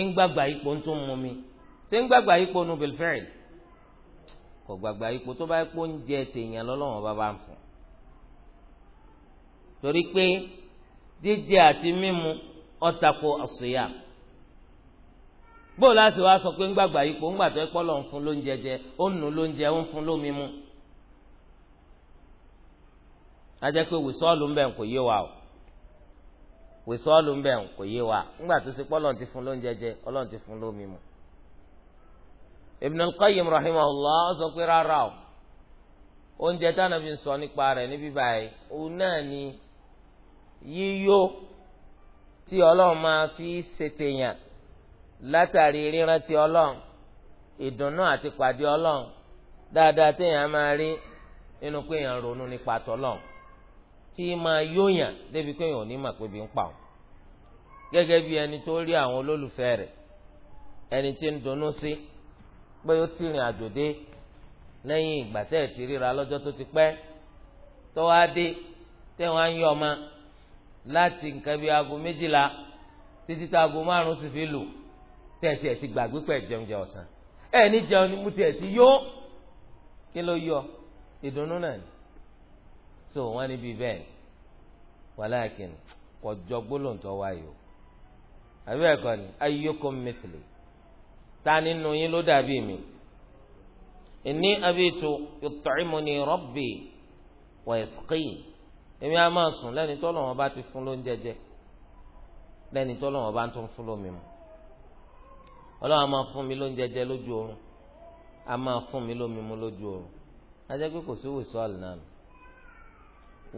ń gbàgbà ipò tó ń mu mi ṣé ń gbàgbà ipò nu bilfẹ́ẹ̀lì kò gbàgbà ipò tó bá ipò ń tèèyàn lọ́lọ́wọ́n bá bá ń fún torí pé jíjẹ àti mímu ọ̀tàkò àṣùyà bó láti wá sọ pé ńgbàgbà ipò ńgbà tó lọ́n fún lóúnjẹ jẹ ó nù lóúnjẹ ó ń fún lómi ajẹ́ pé wìsọ́ọ̀lù o wìsọ́ọ̀lù ń bẹ̀ kò yé wa ńgbà tó ṣe ti fún lóúnjẹ jẹ ọlọ́run ti fún lómi Ibn al-Qayyim rahimahullah ó sọ pé rárá o oúnjẹ táwọn ń sọ yíyó tí ọlọ́run máa fi ṣètèyàn látàrí rírántí ọlọ́run ìdùnnú àti pàdé ọlọ́run dáadáa téèyàn máa rí nínú pé èèyàn ronú nípa tọ́lọ́run tí máa yóyàn débi pé èèyàn ò ní mà pé bí ń pa òun gẹ́gẹ́ bí ẹni tó rí àwọn olólùfẹ́ rẹ̀ ẹni tí ń dunnú sí pé ó ti rìn àjò dé lẹ́yìn ìgbà tẹ́ ti ríra lọ́jọ́ tó ti pẹ́ tó wá dé tẹ́ á ń yọ ọmọ láti nǹkan bíi aago méjìlá títí tá aago márùn sì fi lù tẹ̀sí ẹ̀ ti gbàgbé pẹ̀ jẹun jẹ ọ̀sán ẹ̀ ní jẹun ni mo ti ẹ̀ ti yó kí ló yọ ìdùnnú náà ni so wọ́n níbi bẹ́ẹ̀ wàláàkìn kọjọ gbólóǹtọ́ wáyò àbí ẹ̀kọ́ ni ayyukum mithli ta nínú yín ló dàbí mi inni abitu yut'imuni rabbi wa yasqini èmi á máa sùn lẹ́ni tọ́lọ̀ wọn bá ti fún lóúnjẹ jẹ lẹ́ni tọ́lọ̀ wọn bá ń tún fún lómi mu ọlọ́run á máa fún mi lóúnjẹ jẹ lójú oorun á máa fún mi lómi mu lójú oorun ajẹ́ pé kò sí wìsọ́ọ̀lù náà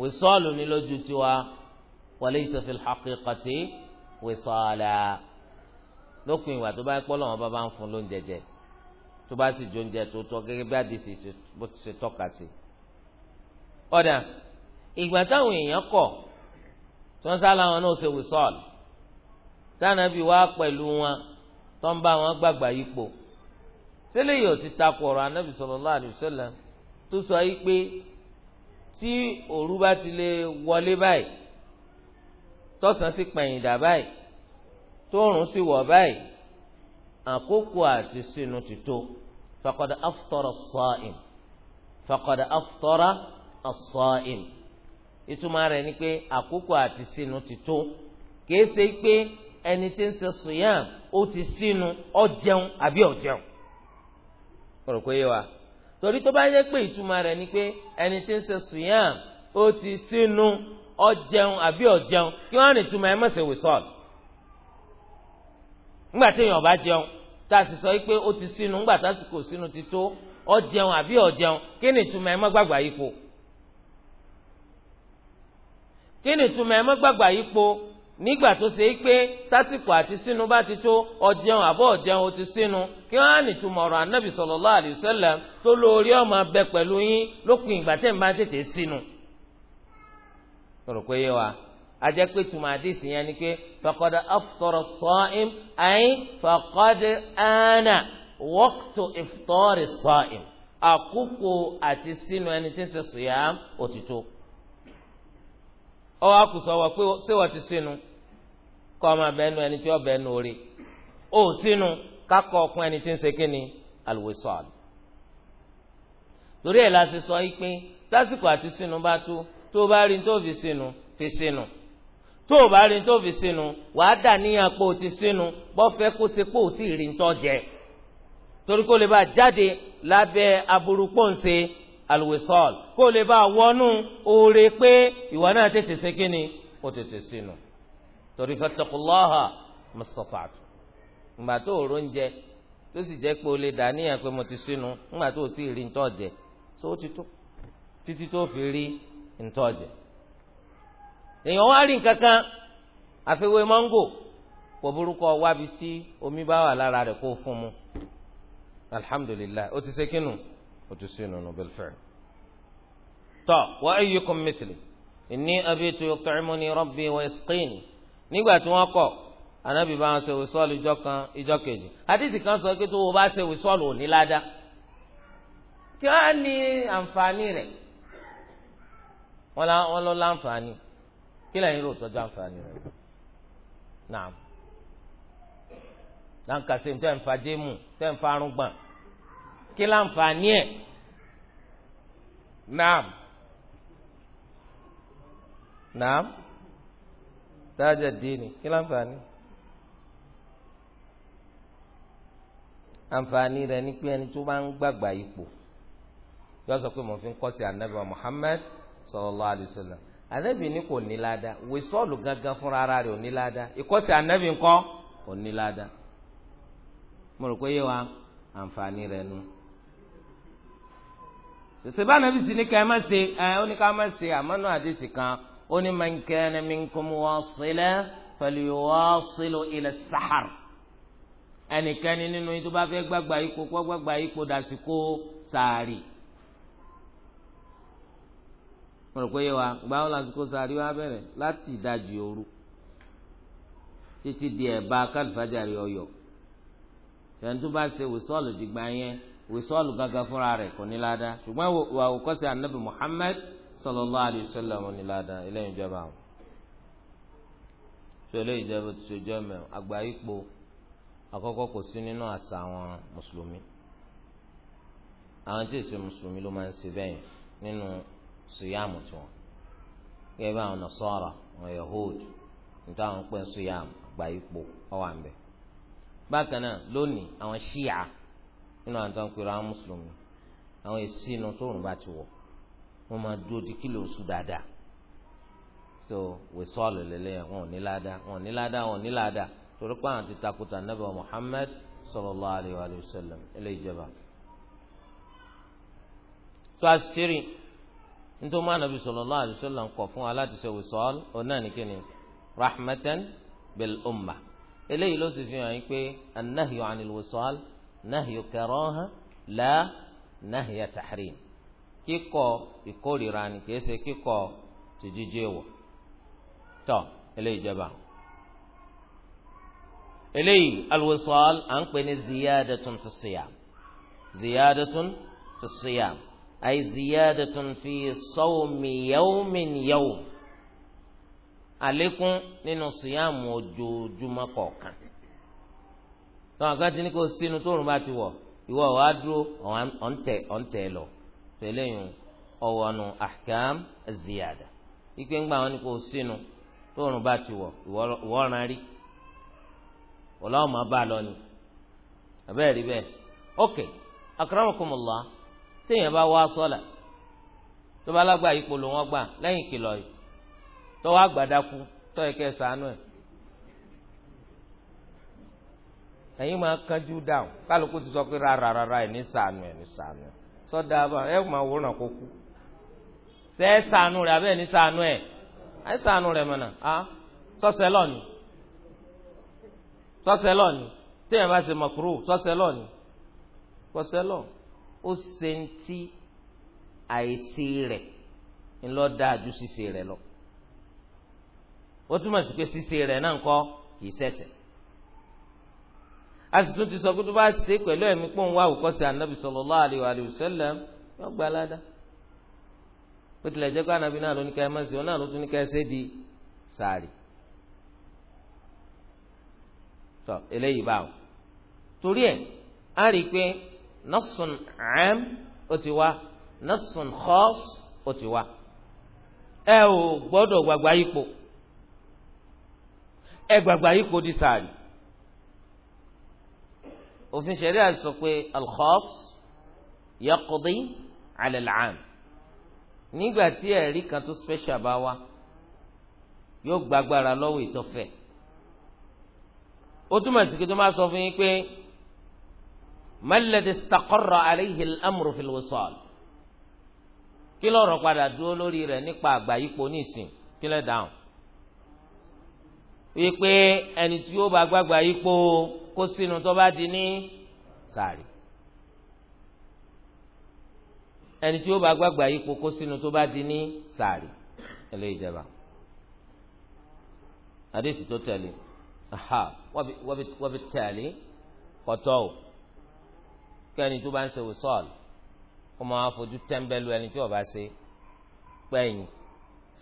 wìsọ́ọ̀lù ni lójú tiwa walaysa fil haqiqati wìsọ́ọ̀lù lópin ìwà tó bá pọ́ lọ́wọ́n bá bá ń fún lóúnjẹ jẹ tó bá sì jóúnjẹ tó tọ́ gẹ́gẹ́ bí àdìsí ti tọ́ka sí ọ̀dà ìgbà táwọn èèyàn kọ̀ tí wọ́n sá láwọn náà ṣe wùsọ̀l tánàbí wá pẹ̀lú wọn tó ń bá wọn gbàgbà yípo sílẹ̀ yìí ò ti takò ọ̀rọ̀ anábì sallallahu alaihi wasallam tó sọ yìí pé tí òru bá ti lè wọlé báyìí tọ́sán sì pẹ̀yìndà báyìí tóòrùn sì wọ̀ báyìí àkókò àti sínú ti tó faqad aftara as-sa'im faqad aftara ìtumọ̀ rẹ̀ ni pé àkókò àti sínú ti tó kìí ṣe pé ẹni tí ń ṣe sùyàm ó ti sínú ó jẹun àbí ó jẹun kọ̀rọ̀ pé yé wa torí tó bá yẹ pé ìtumọ̀ rẹ̀ ni pé ẹni tí ń ṣe sùyàm ó ti sínú ó jẹun àbí ó jẹun kí wọ́n á ní ẹ má ṣe wìsọ́ọ̀lù tí èèyàn bá jẹun tá a sì sọ pé ó ti sínú ńgbà tásìkò sínú ti tó ó jẹun àbí ó jẹun kí ni ìtumọ̀ ẹ má gbàgbà yípo kí ni ìtumọ̀ ẹ mọ́gbàgbà yìí po nígbà tó ṣe é pé tásìkò àti sínú bá ti tó ọ̀jẹun àbọ̀ ọ̀jẹun ó ti sínú kí wọ́n á nìtumọ̀ ọ̀rọ̀ anábì sallallahu alaihi wasallam tó lórí ọmọ abẹ pẹ̀lú yín lópin ìgbà tẹ̀ ń bá tètè sínú. rò yé wa ajẹ́ pé tùmọ̀ àdìsí yẹn ni pé faqad aftara as-sa'im ay faqad ana waqtu iftari àkókò àti sínú ẹni tí ń ṣe sùyàm òtítọ́ ọwọ akùsọ wọ pé ṣé wọ́n ti sínú kọ́ ọmọ abẹ́nu ẹni tí ọbẹ̀ ẹnu orí ó sínú kákọ́ ọkùn ẹni tí ń ṣe kíni alwisal torí ẹ̀ la ṣe sọ yìí pé tásìkò àti sínú bá tó tó bá rí tó fi sínú fi sínú tó o bá rí tó fi sínú wàá dà níyàn pé o ti sínú bọ́ fẹ́ kó ṣe pé o ti rí tó jẹ torí kó lè bá jáde lábẹ́ aburú pọ́ǹsẹ̀ alwisal kó o lè bá wọnú oore pé ìwà náà tètè ṣe kíni ó tètè sínú torí fattaqullaha mustata'tu ìgbà tó o róúnjẹ tó sì jẹ́ pé o lè dà níyàn pé mo ti sínú ìgbà tó o ti rí ntọ́ tó o ti tó títí tó o fi rí ntọ́ èèyàn wá rí nǹkan kan àfiwé mọ́ngò pọ̀ burúkọ wábi tí omi bá wà lára rẹ̀ kó fún mu alhamdulilayi ó ti ṣe kínú ó ti sí nínú bil fi'l. tọ́ wa ayyukum mithli inni abitu yut'imuni rabbi wa yasqini nígbà tí wọ́n kọ̀ anabi bá wọn ṣe wìsọ́ọ̀lù ìjọ kan ìjọ kejì àdìsí kan sọ pé tó o bá ṣe wìsọ́ọ̀lù ò ní ládàá kí wọ́n ní àǹfààní rẹ̀ wọ́n lọ láǹfààní kí lẹ́yìn rò tọ́jú àǹfààní rẹ̀ náà láǹkà ṣe tẹ́ ń fa jéèmù tẹ́ ń fa arúgbọ̀n kí láǹfààní ẹ̀ naam naam dájà díìnì kí láǹfààní. àǹfààní rẹ̀ ni pé ẹni tó bá ń gbàgbà ipò yóò sọ pé mo fi ń kọ́ sí anabi Muhammad sallallahu alayhi wa sallam anabi ni kò ní ládàá wíṣọ́ọ̀lù gangan fúnra ara rẹ̀ ò ní ládàá ìkọ́sí anabi ńkọ́ ò ní ládàá mo rò pé yé wa àǹfààní rẹ̀ nu. No sèse bá nàbí sí ni ká ẹ má ṣe ẹ ó ní ká má ṣe àmọ́nú àdéhùn kan ó ní man kana minkum wasila falyuwasilu ila sahar ẹnikẹ́ni nínú yìí tó bá fẹ́ gbàgbà ipò kó gbàgbà ipò dàsìkò sàárì mo rò pé yẹ wa gbàwọn lásìkò sàárì wa bẹ̀rẹ̀ láti ìdajì òru títí di ẹ̀bá kálífàjárì ọ̀yọ́ tẹ̀ntún bá ṣe wòsọ́ọ̀lù dìgbà yẹn wíṣọ́ọ̀lù gangan fúnra rẹ̀ kò ní ládàá ṣùgbọ́n wà òkọ́sí anabi muhammed sallallahu alayhi wa sallam ní ládàá eléyìí ìjọba àwọn. ṣọlẹ́ ìjọba ti ṣojú ọmọ àgbà ipò àkọ́kọ́ kò sí nínú àṣà àwọn mùsùlùmí àwọn tí èsì mùsùlùmí ló máa ń ṣe bẹ́ẹ̀ nínú tiwọn gẹ́gẹ́ bí àwọn àwọn yahood níta àwọn pẹ́ àgbà ipò nínú àwọn tó ń pera àwọn mùsùlùmí àwọn èsì inú tóòrùn bá ti wọ̀ wọ́n máa dúró di kílò oṣù dáadáa so wẹsọọlù lélẹyìn wọn ò ní láda wọn ò ní láda wọn ò ní láda torí pé àwọn ti takuta nabi Muhammad sallallahu alayhi wa sallam ilé ìjọba. tó a sì tiri nítorí wọn ànábi sallallahu alayhi wa sallam kọ fún wa láti ṣe wẹsọọlù ọ̀nà nìkíni rahmatan bil umma eléyìí ló sì fi hàn yín pé anahi anil wẹsọọlù nahyu karaha la nahya tahrim kíkọ ìkórìíra ni kìí ṣe kíkọ tìjíjẹ wọ tọ eléyìí jẹba eléyìí alwisal à ń pè ní ziyadatun fi siyam ziyadatun fi siyam ay ziyadatun fi sawmi yawmin yawm àlékún nínú siyamu ojoojúmọ́ kọ̀ọ̀kan. náà kan ti ní kó sínú tóorùn bá ti wọ̀ ìwọ ọ̀ wá dúró lọ ziyada ikpe ńgbà wọn ni kó sínú tóorùn bá ti wọ̀ ìwọ ọ̀ràn rí ọlọ́wọ́n máa bá a lọ ni àbẹ́ẹ̀ rí bẹ́ẹ̀ ok akramakumullah téèyàn bá wá sọ́là tó bá lágbà gbà lẹ́yìn yìí tọ́wọ́ ẹ̀yin máa kánjú dáhùn kálukú ti sọ pé rárá rárá ẹ̀ ní sànù ẹ̀ ní sànù ẹ̀ sọ́dà bá ẹ̀ máa wòran kó kú ṣe é sànù rẹ̀ abẹ́ ẹ̀ ní sànù ẹ̀ ẹ̀ sànù rẹ̀ mọ̀nà á sọ́sẹ̀ lọ́ọ̀ni sọ́sẹ̀ lọ́ọ̀ni tí èèyàn bá ṣe mọ̀kúrò sọ́sẹ̀ lọ́ọ̀ni sọ́sẹ̀ lọ́ọ̀ ó ṣe ń tí àìsí rẹ̀ ńlọ dáa ju ṣíṣe rẹ̀ lọ ó túmọ̀ sí pé ṣíṣe rẹ̀ náà ń kọ́ kì a sì tún ti sọ pé tó bá ṣe pẹ̀lú ẹ̀mí pọ̀ ń wá àwòkọ́sí anabi sallallahu alaihi wa sallam yóò gba aládá bó tilẹ̀ jẹ́ pé anabi náà ló ní ká ẹ má ṣe òun náà ló tún ní ká ẹ ṣe di sáré tọ eléyìí báwo torí ẹ a rí i pé nasun am ó ti wá nasun khas ó ti wá ẹ ò gbọ́dọ̀ gbàgbà yípo ẹ gbàgbà yípo di sáré òfin ṣẹ̀ríà sọ pé alkhas yaqdi ala al'am nígbà tí ẹ̀rí kan tó special bá wá yóò gbàgbára lọ́wọ́ ìtọ́fẹ́ ó túmọ̀ sí pé tó máa sọ fún yín pé malladhi istaqarra alayhi al-amru fil wisal kí lọ́rọ̀ padà dúró lórí rẹ̀ nípa àgbáyípo nísìn kí lẹ́ dáhùn wípé ẹni tí ó bá gbàgbà yípo kó sínú tó bá di ní sàárì ẹni tí ó bá gbàgbà yípo kó sínú tó bá di ní sàárì ẹlẹ́ ìjẹba àdéhùn tó tẹ̀lé wọ́n fi tẹ̀lé kọ́tọ́ o kí ẹni tó bá ń ṣe wòsọ́ọ̀lù kó máa fojú tẹ́ńbẹ́lú ẹni tí ó bá ṣe pẹ́yìn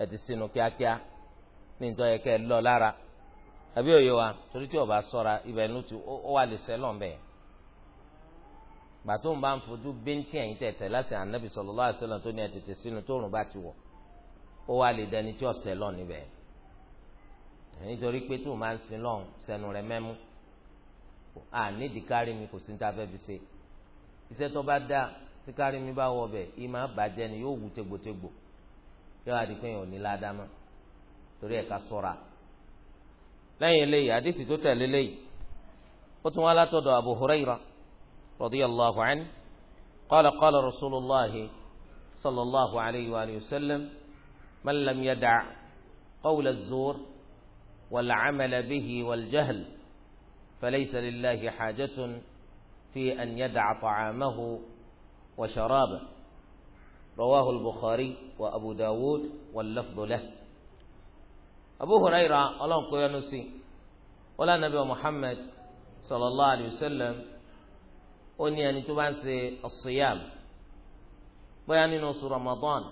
ẹ ti sínú kíákíá ní ìtọ́ yẹ kẹ́ ẹ lọ lára àbí òye wa torí tí ọba sọra ibẹ̀ ló ti ó wà lè sẹ́lọ̀ ń bẹ̀ gbàtó ń bá ń fojú bíntín ẹ̀yìn tẹ̀tẹ̀ láti ànábì sallallahu alaihi wasallam tó ní ẹ̀tẹ̀tẹ̀ sínú tóòrùn bá ti wọ̀ ó wà lè dẹni tí ọ̀sẹ̀ lọ níbẹ̀ nítorí pé tó máa ń sin lọ́hùn sẹ́nu rẹ̀ mẹ́mú à nídìí kárí mi kò sí ní táfẹ́ fi ṣe iṣẹ́ tó bá dá tí kárí mi bá wọ bẹ̀ ìmọ̀ bàjẹ́ ni yóò wù tégbòtégbò yóò adìpẹ́yìn ò ní torí ẹ̀ka sọ̀ra lẹ́yìn eléyìí àdìsí tó tẹ̀lé léyìí ó tún wá látọ̀dọ̀ abu huraira radiyallahu anhu qala qala rasulullahi sallallahu alayhi wa sallam man lam yada' qawla az-zur والعمل به والجهل فليس لله حاجة في أن يدع طعامه وشرابه رواه البخاري وأبو داود واللفظ له Abu Hurayra ọlọ́nkọ yẹnu sí wọ́n lánàá bí wa Muhammad sallallahu alayhi wa sallam ó ní ẹni tó bá ń ṣe as-siyam bóyá nínú oṣù Ramadan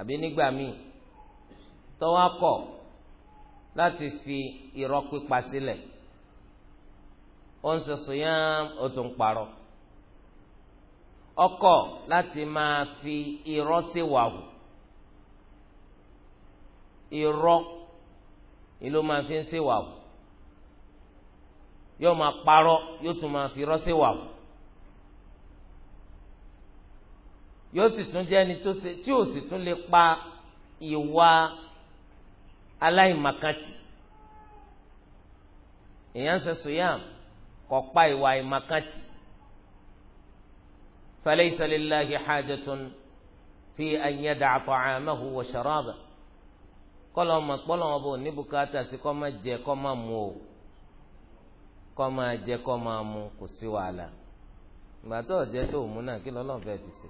àbí nígbà míì tọ́wọ́ kọ̀ láti fi irọ́ pípa sílẹ̀ ó ń ṣe siyam ó tún parọ́ ọkọ láti máa fi irọ́ sí wàhù irọ́ ni ló máa fi ń ṣèwà o yóò máa parọ́ yóò tún máa fi rọ́ ṣèwà o yóò sì tún jẹ́ ẹni tó ṣe tí ò sì tún lè pa ìwà aláìmàkàtì èèyàn ń ṣe sòyàm pa ìwà àìmàkàtì falaysa lillahi hajatun fi an yada'a ta'amahu wa sharabahu kọlọ ọmọ kpọlọ wọn bò ní bùkátà sí kọ máa jẹ kọ máa mu o kọ máa jẹ kọ máa mu kò sí wàhálà ìgbà ọjẹ tó mú náà kí lọlọrun fẹẹ fi ṣe.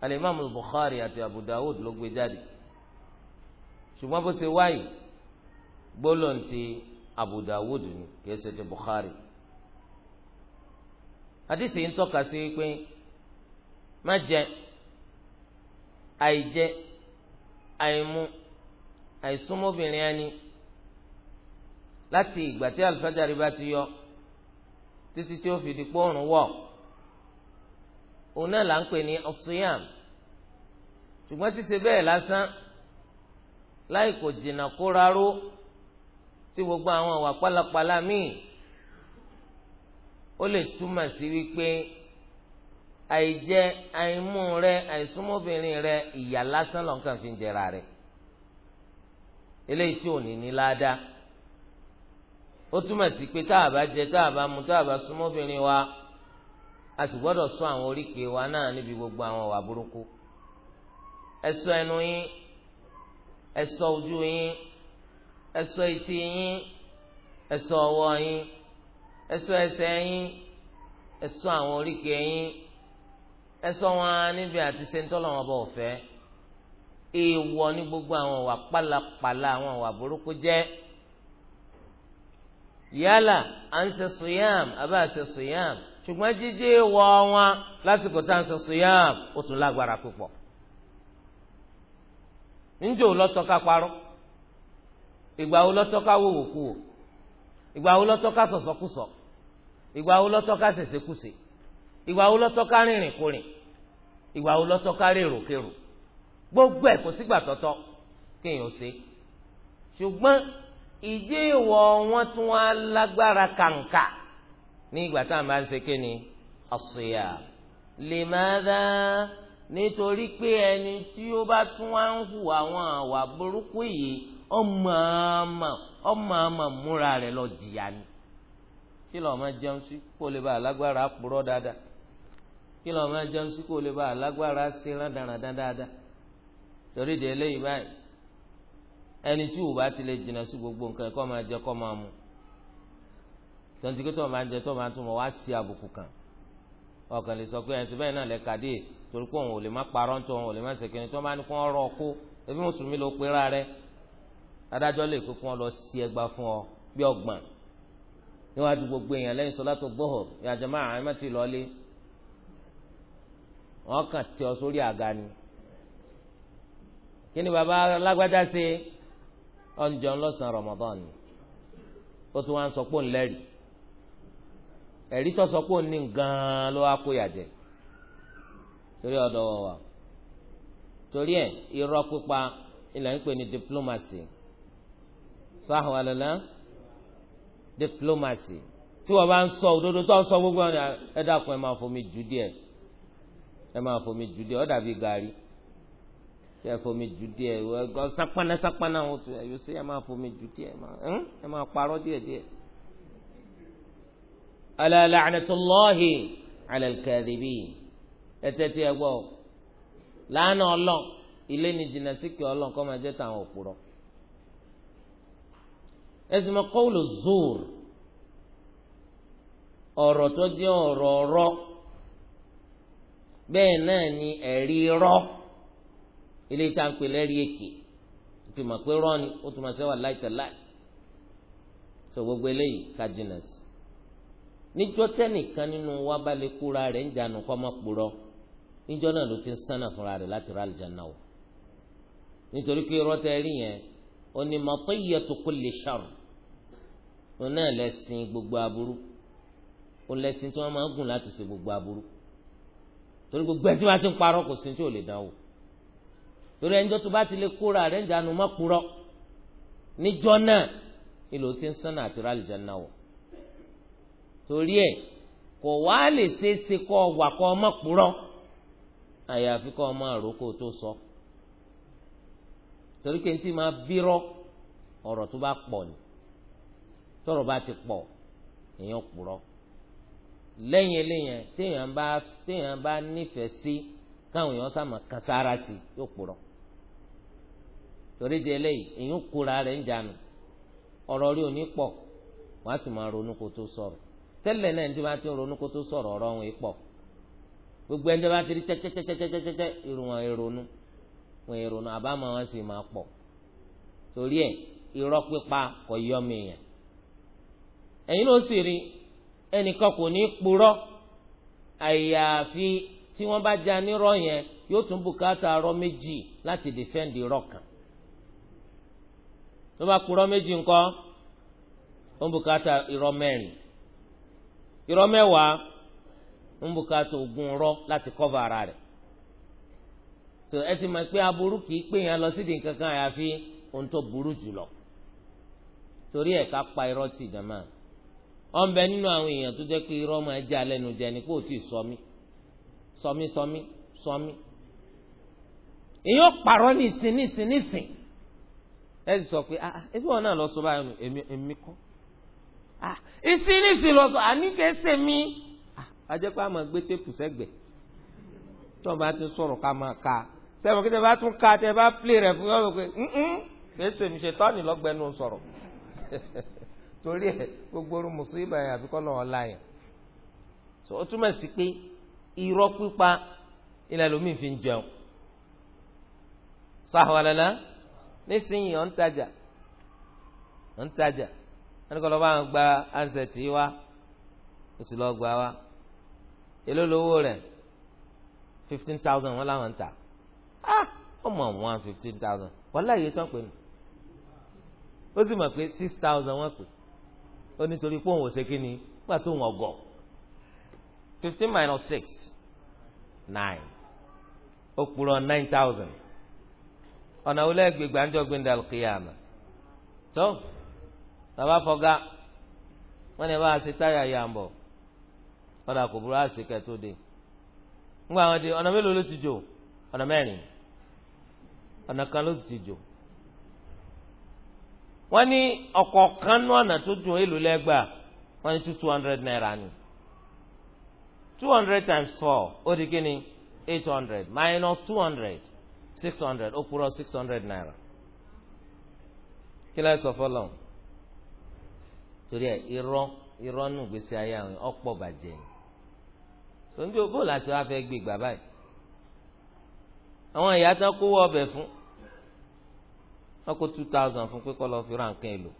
alimami Bukhari àti Abu Dawud ló gbé jáde ṣùgbọ́n bó ṣe wáyé gbólóhùn ti Abu Dawud ni kìí ṣe ti Bukhari. àdìsí ń tọ́ka sí pé má jẹ àìjẹ àìmú àìsúnmọ́bìnrin ẹni láti ìgbà tí àlùfáàjáre bá ti yọ títí tí ó fi di pọ́ọ̀rùn wọ̀ òun náà là ń pè ní ọ̀sùnyàm ṣùgbọ́n ṣíṣe bẹ́ẹ̀ lásán láì kò jìnnà kó rárú tí gbogbo àwọn àwà pálapàla míì ó lè túmọ̀ sí wípé àìjẹ àìmú rẹ àìsúnmọ́bìnrin rẹ ìyà lásán lọ́nkàn fi ń jẹra rẹ eléyìí tí ò ní ní ládàá ó túmọ̀ sí pé tá a bá jẹ tá a bá mu tá a bá súnmọ́bìnrin wa a sì gbọ́dọ̀ ṣọ́ àwọn oríkèé wa náà níbi gbogbo àwọn ọ̀wà burúkú ẹ ṣọ́ ẹnu yín ẹ ojú yín ẹ etí yín ẹ ṣọ́ ọwọ́ yín ẹ ẹsẹ yín ẹ ṣọ́ àwọn oríkèé yín. ẹ ṣọ́ wọn níbi àti ṣe ń tọ́lọ̀ wọn bọ̀ ọ̀fẹ́ èèwọ̀ ní gbogbo àwọn ìwà pálapàla àwọn ìwà burúkú jẹ́ yálà à ń ṣe sùyàm àbá à ń ṣe sùyàm ṣùgbọ́n jíjí wọ wọn lásìkò tá à ń ṣe sùyàm ó tún lágbára púpọ̀ níjó lọ́tọ́ ká ìgbà wo lọ́tọ́ wòwò kú ìgbà wo lọ́tọ́ ká ìgbà wo lọ́tọ́ ká ìwà wo lọ́tọ́ ká rìnrìn kùnrin ìwà wo lọ́tọ́ ká rèrò kèrò gbogbo ẹ̀ kò sígbà tọ́tọ́ kéèyàn ṣe ṣùgbọ́n ìjẹ́ ìwọ̀ wọn tún wá lágbára kàǹkà ní ìgbà tá à ń bá ń ṣe kí ni àṣìyà lè máa dá nítorí pé ẹni tí ó bá tún wá ń hu àwọn àwà burúkú yìí ọmọọmọ ọmọọmọ múra rẹ̀ lọ jìyà ni kí lọ́ọ́ máa jẹun sí kó lè bá a lágbára àpòrọ́ dáadáa kí lọ́ọ́ máa jẹun sí kò lè bá alágbára ṣe rádaràdá dáadáa torí de eléyìí báyìí ẹni tí òbá ti lè jìnnà sí gbogbo nǹkan kọ́ máa jẹ kọ́ máa mu tonti kí tó máa jẹ tó máa tún mọ̀ wá sí àbùkù kan ọkàn lè sọ pé ẹ̀sìn bẹ́ẹ̀ náà lè kàdé torí pé òun ò lè má parọ́ tó òun ò lè má ṣèkínní tó máa ní kó rọ ọkú ebi mùsùlùmí ló pera rẹ adájọ́ lè pé kó lọ sí ẹgbàá fún ọ bí ọgbọ̀n níwájú gbogbo èèyàn lẹ́yìn sọlá tó gbọ́họ̀ ìyàjẹ̀ máa àmì wọn kàn tẹ ọ sórí àga ni kí ni baba alágbádá ṣe ọ̀njọ́ ńlọ́sàn Ramadan ni ó tún wá ń sọ pé òun lẹ́rìí ẹ̀rí tó sọ pé òun ní gan-an ló wá kó yàjẹ́ torí ọ̀dọ̀ wọ̀ wá torí ẹ̀ irọ́ pípa ilẹ̀ ń pè ní diplomacy sáhùn àlọ́lá diplomacy tí wọ́n bá ń sọ òdodo tó ń sọ gbogbo ẹ̀ dákun ẹ̀ máa fomi jù díẹ̀ ẹ máa fomi jù díẹ̀ ọ dàbí gàrí kí ẹ fomi jù díẹ̀ ẹ sápánà sápánà wọn tún ẹ yóò ṣe ẹ máa fomi jù díẹ̀ ẹ máa parọ́ díẹ̀ díẹ̀. ala la'natullahi ala al-kadhibin ẹ tẹ́tí ẹ gbọ́ lánàá ọlọ́ ilé ni jìnnà síkì ọlọ́ kọ́ máa jẹ́ tàwọn òpùrọ́ ẹ sì máa qawlu ọ̀rọ̀ tó jẹ́ ọ̀rọ̀ ọ̀rọ̀ bẹ́ẹ̀ náà ni ẹ̀rí rọ́ ilé tá à ń pè lẹ́rìí èké tí mo pé rọ́ ni ó tún máa ṣe wà láìtẹ̀láì tó gbogbo eléyìí ká jìnnà sí. níjọ́ tẹ́nìkan nínú wa bá lè kúra rẹ̀ ń dànù kọ́ mọ́ purọ́ níjọ́ náà ló ti ń sánà fúnra rẹ̀ láti rà àlùjáná wọ̀ nítorí pé irọ́ tẹ́ rí yẹn ó ní matiyatu kulli sharr òun náà lẹ́sìn gbogbo aburú òun lẹ́sìn tí wọ́n máa ń gùn láti ṣe gbogbo aburú torí gbogbo ẹtí wọn ti ń parọ́ kò sí tí ò lè dánwò torí ẹnjọ́ tó bá ti lè kóra rẹ̀ ń dànù mọ́ kúrọ́ níjọ́ náà ìlò tí ń sánà àti rálìjà náà wọ̀ torí ẹ̀ kò wá lè ṣeéṣe kọ́ wà kọ́ ọmọ kúrọ́ àyàfi kọ́ ọmọ àrókò tó sọ torí pé ntí máa bírọ́ ọ̀rọ̀ tó bá pọ̀ ni tọ́rọ̀ bá ti pọ̀ èèyàn kúrọ́ lẹ́yìn eléyẹn téèyàn bá téèyàn bá nífẹ̀ẹ́ sí káwọn èèyàn sàmà kan sára sí yóò purọ́ torí di eléyìí èèyàn kóra rẹ̀ ń jànù ọ̀rọ̀ rí òní pọ̀ wàá sì máa ronú kó tó sọ̀rọ̀ tẹ́lẹ̀ náà ní tí wọ́n ti ń ronú kó tó sọ̀rọ̀ ọ̀rọ̀ wọn pọ̀ gbogbo ẹni tí wọ́n ti rí tẹ́tẹ́tẹ́tẹ́tẹ́tẹ́ irun wọn ronú wọn ronú àbámọ̀ wọn sì máa pọ̀ torí ẹ̀ irọ́ pípa kò yọ ẹ̀yin ló sì rí ẹnìkan kò ní purọ́ àyàfi tí wọn bá já nírọ́ yẹn yóò tún bùkátà arọ́ méjì láti dìfẹ́ǹdì rọ kan tó bá purọ́ méjì ńkọ́ ó ń bùkátà irọ́ mẹ́rin irọ́ mẹ́wàá ń bùkátà ogún irọ́ láti kọ́va ara rẹ̀ tó ẹ ti mọ̀ pé aburú kìí pè yẹn lọ sídìí kankan àyàfi ohun tó burú jùlọ torí ẹ ká pa irọ́ tì jàmáà. ọ̀nbẹ nínú àwọn èèyàn tó jẹ́ pé irọ́ máa jẹ́ alẹ́nu jẹ ni kó o tí ì sọmí sọmí sọmí sọmí. èèyàn pàrọ̀ nìsín nìsín nìsín ẹ sì sọ pé ah, ah ebi wọn náà lọ sọ báyìí èmi èmi kọ́ ah ìsín nìsín lọ sọ àní kẹsẹ̀ mi ah ajẹ́pẹ́ àmọ́ gbé tépù sẹ́gbẹ̀ẹ́ tí wọ́n bá ti sọ̀rọ̀ ká máa ka sẹ́wọ̀n kí tẹ bá tún ka tẹ bá plé rẹ̀ fún yọ̀ọ́ pé kẹsẹ̀ mi ṣe tọ́ni lọ́gbẹ́nu sọ̀rọ̀ torí ẹ gbogbo orun mùsùlùmí yẹn àbíkọ́ lọ́wọ́ so otu túmọ̀ sí pé irọ́ pípa ilẹ̀ lómi fi ń jẹun sáwọn àlàlà nísìnyí ọ̀ ń tajà ń gba ansẹ̀tì wa o sì gba wa èló lówó rẹ̀ fifteen thousand wọn làwọn ń tà ah ọmọ àwọn fifteen thousand wọn tán pé ó six thousand ó nítorí pé òun ò ṣe kí ni gbà tó wọn fifteen minus six nine ó kúrò nine thousand ọ̀nà olóògbé gbàǹjọ́ gbẹ̀ndà kìyàmà tó bàbá fọgá wọn ni a ṣe táyà yà ń bọ̀ ọ̀nà kò burú dé ńgbà wọn di ọ̀nà mélòó ló ti jò ọ̀nà mẹ́rin ọ̀nà kan ló sì ti wọ́n ní ọ̀kọ̀ọ̀kan nú ọ̀nà tó dùn èlò lẹ́gbàá wọ́n ní two hundred naira ni two hundred times four ó di kí ni eight hundred minus two hundred six hundred ó kúrò six hundred naira kí láì sọ fọlọ́ torí ẹ irọ́ irọ́ nù gbèsè ayé àwọn ọ̀pọ̀ bàjẹ́ ni sọ́njú bó láti wá fẹ́ gbé gbà báyìí àwọn ìyá tán kówó ọbẹ̀ fún wọn kó two thousand fún pé kó lọ fi ra nǹkan èlò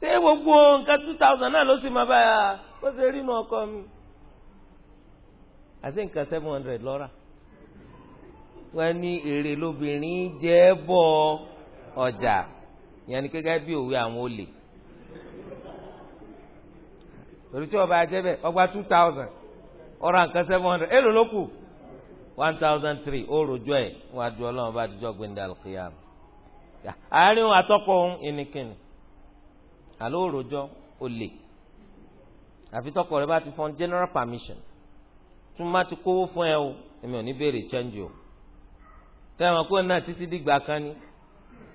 ṣé gbogbo nǹkan two thousand náà ló sì máa bá a bó ṣe rí inú ọkọ mi àti nǹkan seven hundred lọ́ra wọ́n ní èrè lóbìnrin jẹ́ bọ́ ọjà ìyẹn ni gẹ́gẹ́ bí òwe àwọn olè torí tí ọba ajẹ́bẹ̀ ọgbà two thousand ọ̀rọ̀ nǹkan seven hundred èlò ló kù one thousand three ó rojọ́ ẹ̀ wọ́n á dúró ọlọ́run bá dijọ́ gbẹ̀ndà àárín òun àtọkọ òun ẹnìkìnnì àló òròjọ olè àfi tọkọ rẹ bá ti fọn general permission tún má ti kówó fún ẹ o èmi ò ní béèrè change o tẹ̀wọ̀n kó náà títí dìgbà kan ni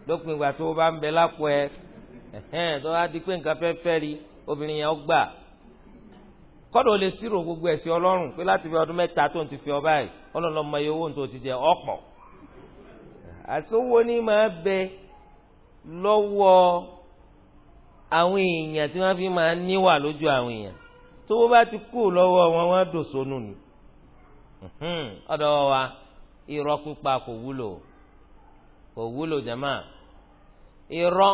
lópin ìgbà tó o bá ń bẹ lápò ẹ ẹ̀hẹ́n tó bá di pé nǹkan fẹ́ fẹ́ rí obìnrin yẹn ó gbà kọ́dọ̀ lè sírò gbogbo ẹ̀sìn ọlọ́run pé láti fi ọdún mẹ́ta tó ń ti fi ọ báyìí ọlọ́run lọ́mọ iye owó tó ti jẹ ọ̀pọ̀ àti owó ní máa bẹ lọ́wọ́ àwọn èèyàn tí wọ́n fi máa níwà lójú àwọn èèyàn tówó bá ti kú lọ́wọ́ wọn wọ́n dòsónù ni ọ̀dọ̀ wa irọ́ pípa kò wúlò kò wúlò jama irọ́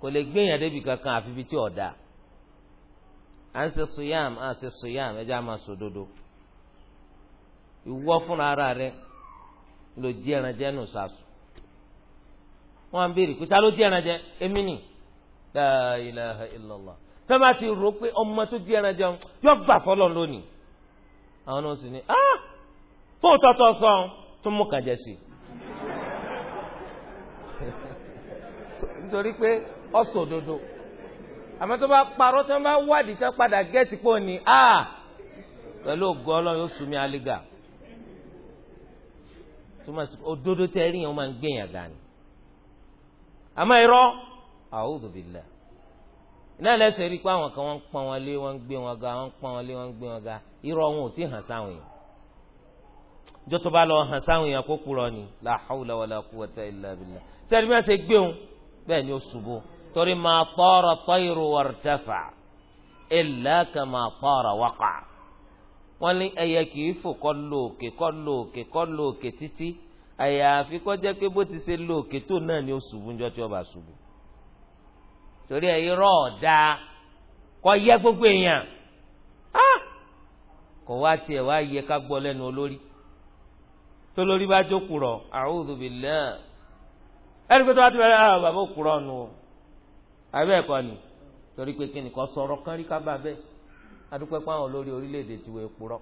kò lè gbéyàn débi kankan àfi bíi tí ọ̀dà à ń ṣe suyam à ń ṣe suyam ẹja máa sòdodo ìwọ fúnra ara rẹ ló jí ẹran jẹ nù sàṣù wọn béèrè pé ta ló jí ẹran jẹ èmi nì la ilaha illallah tẹ́ bá ti rò pé ọmọ tó jí ẹran jẹun yọ gbà fọlọ́ lónìí àwọn náà sì ní ah fóun tọ́tọ́ sọ tó mú kàn jẹ sí i nítorí pé ọsọ òdodo àmọ́ tó bá parọ́ tó bá wádìí tó padà gẹ́ẹ̀tì pọ̀ ah yóò sùn mí túmọ̀ sí òdodo tẹ́ rí yẹn wọ́n máa ń gbẹ̀yàn gan ni àmọ́ irọ́ a'udhu billah iná lẹ́sẹ̀ rí i pé àwọn kan wọ́n ń pọ́n wọn lé wọ́n ń gbé wọn ga wọ́n ń pọ́n wọn lé wọ́n ń gbé wọn ga irọ́ wọn ò tí ì hàn sáwọn yẹn ìjọ bá lọ hàn sáwọn yẹn kó kúrọ ni la hawla wala quwwata illa billah sẹ́ni bí wọ́n ṣe gbé wọn bẹ́ẹ̀ ni ó ṣubú torí ma tara tayru wartafa illa kama tara waqa wọ́n ní ẹyẹ kì í fò kọ́ lóòkè kọ́ lóòkè kọ́ lóòkè títí àyàfi kó jẹ́ pé bó ti ṣe lóòkè tó náà ni ó ṣubú níjọ́ tí ó bá ṣubú torí ẹ̀ irọ́ ọ̀dà kọ́ yẹ gbogbo èèyàn ah! kò wá tiẹ̀ wá yẹ ká gbọ́ lẹ́nu olórí tó lórí bá jókòó rọ̀ a'udhu billah ẹni pé tó bá ti bẹ̀rẹ̀ àwọn ah, bàbá òkúrọ̀ nù àbẹ́ẹ̀kọ́ ni torí pé kí nìkan sọ̀rọ̀ kán rí ká bá bẹ́ẹ̀ adúpẹ́ pé àwọn olórí orílẹ̀-èdè tiwa epo rọ.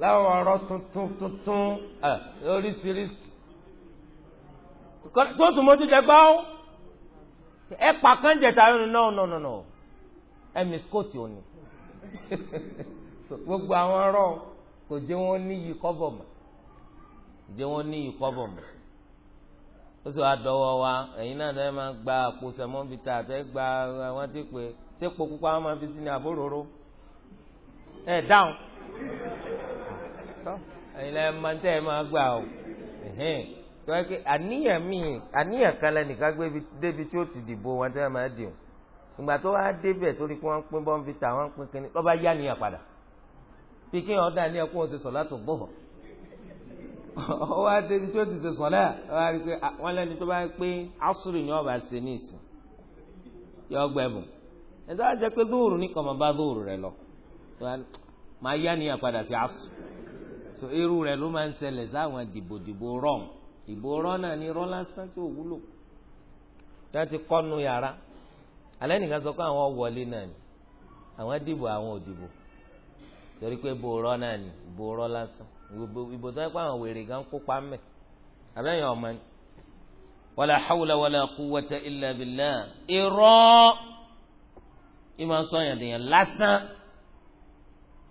láwọn ọ̀rọ̀ tuntun tuntun oríṣiríṣi tó tún mójú tẹ gbọ́ ẹ pa kánjẹ̀tà yóò nù nù nù nù ẹ mìsíkòtì òní gbogbo àwọn ọ̀rọ̀ kò jẹ́ wọ́n níyì kọ́bọ̀ mọ́ jẹ́ wọ́n níyì kọ́bọ̀ mọ́ ó sì wá dọwọ́ wa ẹ̀yin náà tẹ́ máa gba àpò sẹ̀mọ́bìtà tẹ́ gba àwọn tí pé sépò púpọ̀ àwọn máa fi sí ní àbóròró ẹ̀ dáhùn ẹ̀yin náà máa tẹ́ ẹ máa gbà ó àníyàn míì àníyàn kan lẹ́nìkan gbé débi tí ó ti dìbò wọn tẹ́ máa dì ó ìgbà tó wá débẹ̀ torí pé wọ́n pín bọ́ǹbìtà wọ́n pín kínní lọ́ba yá níyàn padà bí kí wọ́n dá níyàn kó sọ̀ látò gbọ́hàn ọwọ́ adébi tó ti ṣe sọ̀lá wọ́n lẹ́ni tó bá pé asúrì ni ọba ṣe ní ìsìn yọ gbẹ̀bùn ẹ̀dá jẹ́ pé dóòrù ní kọ̀mọ̀ bá dóòrù rẹ lọ máa yá ni àpadà sí asù so irú rẹ ló máa ń ṣẹlẹ̀ sáwọn dìbòdìbò rọ̀m ìbò rọ̀ náà ni rọ̀ lásán tí ò wúlò tí wọ́n ti kọ́nu yàrá alẹ́ nìkan sọ pé àwọn wọlé náà ni àwọn dìbò àwọn ò dìbò torí pé bò rọ̀ náà ni bò rọ̀ lásán gbogbo ibo tó yẹ kó àwọn wèrè gan kópa mẹ́ abẹ́yẹn ọmọ ni. wala hawla wala quwwata illa billah irọ́ ìmọ̀ sọ̀yàn dèèyàn lásán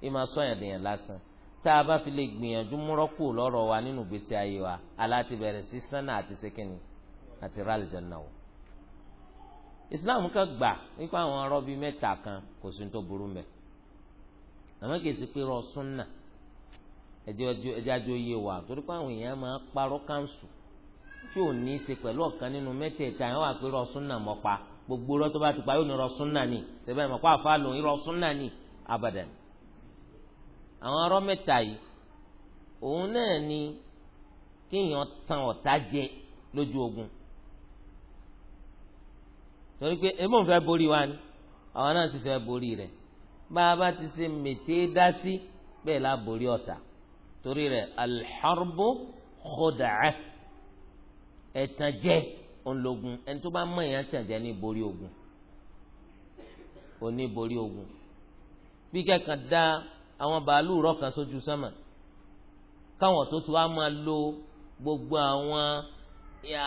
ìmọ̀ sọ̀yàn dèèyàn lásán tá a bá fi lè gbìyànjú múrọ́kù lọ́rọ̀ wa nínú gbèsè ayé wa aláti bẹ̀rẹ̀ sí sánà àti sẹ́kìnì àti rálìjọ́nà o. islam kan gbà nípa àwọn arọ́bí mẹ́ta kan kò sí ní tó burú mẹ́ àmọ́ kìí sí pé rọ súnà ẹjẹ àjọ yé wa torí pé àwọn èèyàn máa parọ́ káńsù tí ò ní í ṣe pẹ̀lú ọ̀kan nínú mẹ́tẹ̀ẹ̀ta yẹn wà pé mọ́ pa gbogbo rọ́ tó bá ti pa yóò ní rọ́ṣúnà ni ṣẹ̀bẹ̀ mọ̀ pa àfa lòun rọ́ṣúnà ni abadan àwọn arọ́ mẹ́ta yìí òun náà ni kéèyàn tan ọ̀tá jẹ lójú ogun torí pé èmi ò fẹ́ borí wa ni àwọn náà sì fẹ́ borí rẹ̀ bá a bá ti ṣe mètè dá sí bẹ́ẹ̀ la borí ọ̀tá torí rẹ̀ alḥarbu kódàá ẹ̀tànjẹ́ ológun ẹni tó bá mọ̀ èèyàn tànjẹ́ ní borí ogun òní borí ogun bí kẹ́kàn dá àwọn bàálù rọ̀kan sójú sánmà káwọn tó tún wá máa lo gbogbo àwọn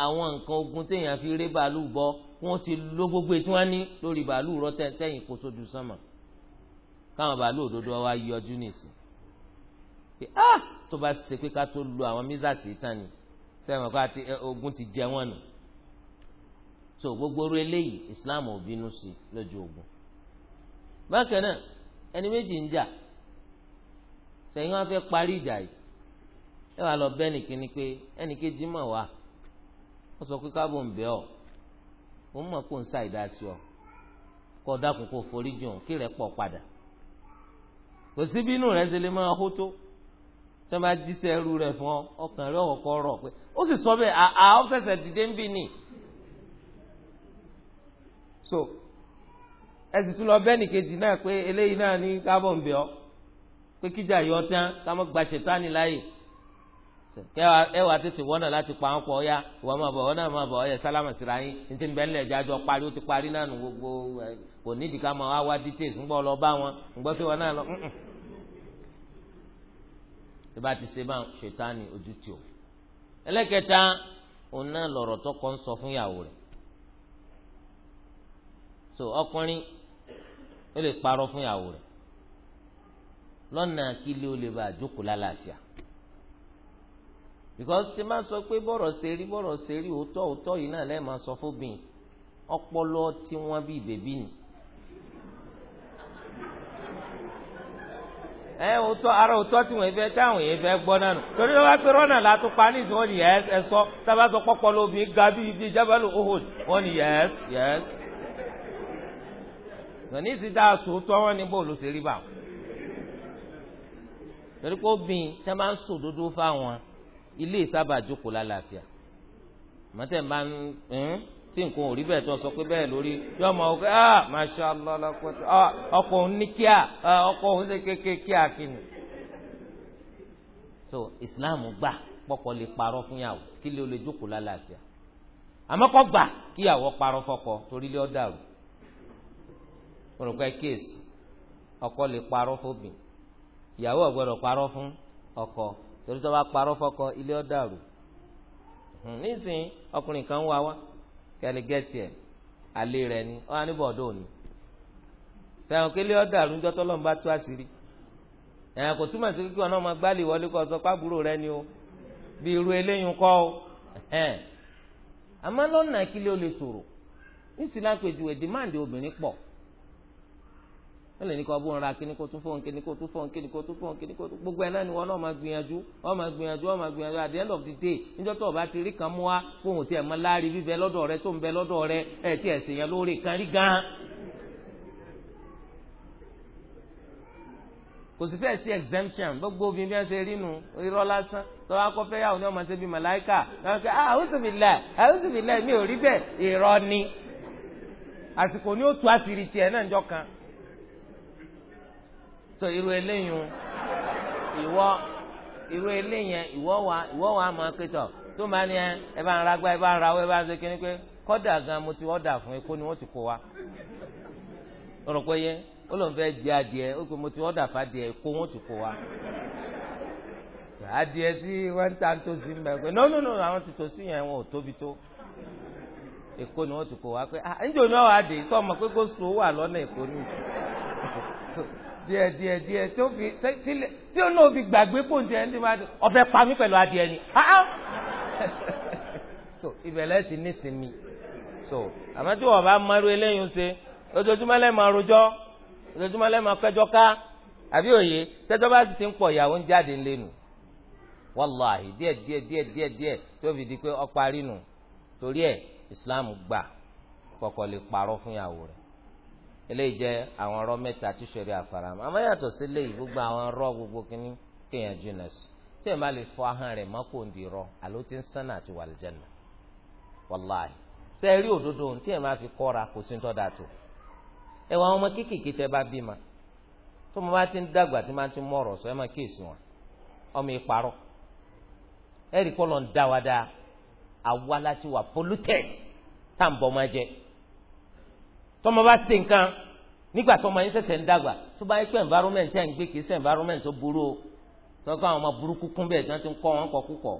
àwọn nǹkan ogun téèyàn fi rí bàálù bọ wọn ti lo gbogbo ètò wọn ní lórí bàálù rọ tẹyìn kó sójú sánmà káwọn bàálù òdodo wa yọjú nìsín pé ah tó bá ṣe pé ká tó lu àwọn mísàsì tán ni sẹ́wọ̀n kó àti ogun ti jẹ wọ́n nù so gbogbo orí eléyìí islam ò bínú sí lójú ogun bákan náà ẹni méjì ń jà sẹ́yìn wọn fẹ́ parí ìjà yìí ẹ wàá lọ bẹ́ẹ̀ nìkíní pé ẹnì kejì mọ̀ wá wọ́n sọ pé káàbọ̀ ń bẹ́ ọ òun mọ̀ kó ń sa ìdásí ọ kó dákun kó forí jùn kí rẹ̀ pọ̀ padà kò sí bínú rẹ̀ ṣe lè máa hó tó tí wọ́n bá jíṣẹ́ ẹrú rẹ̀ fún ọ ọkàn rẹ̀ ọ̀kọ̀ rọ̀ pé ó sì sọ bẹ́ẹ̀ àá ó fẹsẹ̀ dìde ń bì ní. so ẹ sì tún lọ bẹ́ẹ̀ nìkejì náà pé eléyìí náà ní kábọ̀ ń bẹ̀ ọ́ pé kíjà yọ tán ká mọ́ gba ṣètánì láàyè ẹ wàá tètè wọ́nà láti pa wọn pọ̀ ọ́ ya ìwọ máa bọ̀ ọ́ náà máa bọ̀ ọ́ yẹ sálámà síra yín ní ti ń bẹ́ẹ̀ lẹ̀ jájọ́ parí ó ti parí náà nù gbogbo kò nídìí ká máa wá wá details ńgbọ́ lọ bá wọn ńgbọ́ sí wọn náà lọ tí bá ti ṣe bá ṣètánì ojú tì o ẹlẹ́kẹta òun náà lọ̀rọ̀ tọkọ ń sọ fún ìyàwó rẹ̀ so ọkùnrin ó lè parọ́ fún ìyàwó rẹ̀ lọ́nà kí ó lè bá àjókòó lálàáfíà because tí máa sọ pé bọ́rọ̀ ṣe rí bọ́rọ̀ ṣe rí òótọ́ òótọ́ yìí náà lẹ́ẹ̀ máa sọ fún bìn ọpọlọ tí wọ́n bí bèbí ni ẹ òótọ́ ara òótọ́ tí wọ́n fẹ́ táwọn yẹn fẹ́ gbọ́ náà nù torí wọ́n bá pé rọ́nà látún pa ní ìdíwọ́n ni yẹ́s ẹ sọ tábà sọ pọ́pọ́ lóbi ga bíi bíi jábàlú Uhud wọ́n ni yẹ́s yẹ́s. lọ́ní sì dáa sòótọ́ wọn ní bóòlù ṣe rí bà wọ́n. torí pé obìnrin tẹ́ máa ń sòdodo fáwọn ilé ìsábàjókòó lálàáfíà mọ́tẹ́ máa ń hmm? tí nǹkan ò rí bẹ́ẹ̀ tó sọ pé bẹ́ẹ̀ lórí yóò máa wọ ah masha allah lakota ah ọkọ òun ní kíá ah, ọkọ òun ní kéke kíá kìnnì. so islam gbà pọpọ lè parọ fún yàwó kí lè o lè jókòó lálàáfíà àmọ́ kọ gbà kí yàwó parọ fọkọ torí lé ọ dàrú olùkọ́ ẹ kíyèsí ọkọ lè parọ́ fóbìn ìyàwó ọ̀gbọ́dọ̀ parọ́ fún ọkọ torí tó bá parọ́ fọkọ ilé ọ dàrú hmm, nísìnyí ọkùnrin kan wá wá. kẹ́ni gẹ́tì ẹ̀ alẹ́ rẹ̀ ni wọ́n á ní bọ̀dọ̀ ni sẹ́wọ̀n kí lé ọ̀dà àrùnjọ́ tọ́lọ́mù bá tú àṣírí ẹ̀yàn kò túmọ̀ sí kíkọ́ náà máa gbálẹ̀ wọlé kọ́ sọ pábúrò rẹ ni o bí irú eléyìí kọ́ o àmọ́ lọ́nà kí lé o lè tòrò nísìnyí lápèjúwe obìnrin pọ̀ wọ́n lè ní kí wọ́n bó ń ra kíní kó tún fóun kíní kó tún fóun kíní kó tún fóun kíní kó tún gbogbo ẹ̀ náà ni wọ́n náà máa gbìyànjú wọ́n máa gbìyànjú wọ́n máa gbìyànjú at the end of the day níjọ́ tó o bá ti rí kan mú wa kó òun tiẹ̀ mọ́ láàrin bíbẹ lọ́dọ̀ rẹ tó ń bẹ lọ́dọ̀ rẹ ẹ̀ tiẹ̀ sì yẹn lórí kan rí gan. kò sì fẹ́ sí exemption gbogbo obìnrin bí wọ́n ṣe rí nu irọ́ lásán tọ́wọ́ akọ́fẹ́ yà wọ́n ní ọmọ ṣe bí màláìkà wọ́n kẹ́ ah, mi ò rí bẹ́ẹ̀ irọ́ ni àsìkò ni ó tu àṣírí tiẹ̀ náà níjọ́ kan so irú eléyìn ìwọ irú eléyìn ìwọ wa ìwọ wa máa pé ma tó máa ní ẹ ẹ bá ń ragbá ẹ bá ń rawọ ẹ bá ń ṣe kíní pé gan mo ti fún ẹ kó ni wọ́n ti kó wa rò pé yẹ ó lóun fẹ́ jẹ adìẹ ó pé mo ti ọ̀dà fún adìẹ wọ́n ti kó wa adìẹ tí wọ́n ń ta tó sí pé no no no àwọn ti yẹn ò tóbi tó èkó ni wọ́n ti kó wa pé ah so díẹ̀ díẹ̀ díẹ̀ tí ó fi tílẹ̀ tí ó náà fi gbàgbé kó ń jẹ ẹni máa ọ̀fẹ́ pa mí pẹ̀lú adìẹ ni so ìbẹ̀lẹ̀ ti ní sinmi so àmọ́ tí wọ́n bá márú eléyìí ṣe ojoojúmọ́ lẹ́ẹ̀ máa rojọ́ ojoojúmọ́ lẹ́ẹ̀ máa fẹjọ́ ká àbí òye tẹ́jọ́ bá sì ti ń pọ̀ ìyàwó ń jáde lẹ́nu wàláhì díẹ̀ díẹ̀ díẹ̀ díẹ̀ díẹ̀ tí ó fi di pé ọ nù torí ẹ̀ Islam gbà kọ́kọ́ lè parọ́ fún ìyàwó eléyìí jẹ́ àwọn ọ̀rọ̀ mẹ́ta tí sẹ̀rí àfaramọ́ àmọ́ yàtọ̀ sí eléyìí gbogbo àwọn ọ̀rọ̀ gbogbo kínní kéèyàn jìnnà sí tí èèyàn bá lè fọ ahọ́n rẹ̀ mọ́kò ń di rọ àló ti ń sánà àti wà lìjẹ́nà wàláì ṣe rí òdodo tí èèyàn máa fi kọ́ra kò sí tọ́ dàtò ẹ wọ àwọn ọmọ kéékèèké tẹ bá bímọ tó mo bá ti ń dàgbà tí máa ti mọ sọ ẹ máa kíyèsí wọn ọmọ ìparọ́ ẹ rí kọ́ lọ́n dáwadáa àwa láti wà polluted tá à ń bọ́ máa jẹ́ tọmọ bá ṣe nǹkan nígbà tọmọ yín ṣẹ̀ṣẹ̀ ń dàgbà tó bá yẹ pé environment ẹ̀ ń gbé kìí ṣe environment tó burú o tọ́kọ àwọn ọmọ burúkú kún bẹ́ẹ̀ tí wọ́n ti ń kọ́ wọn kọ́ kúkọ́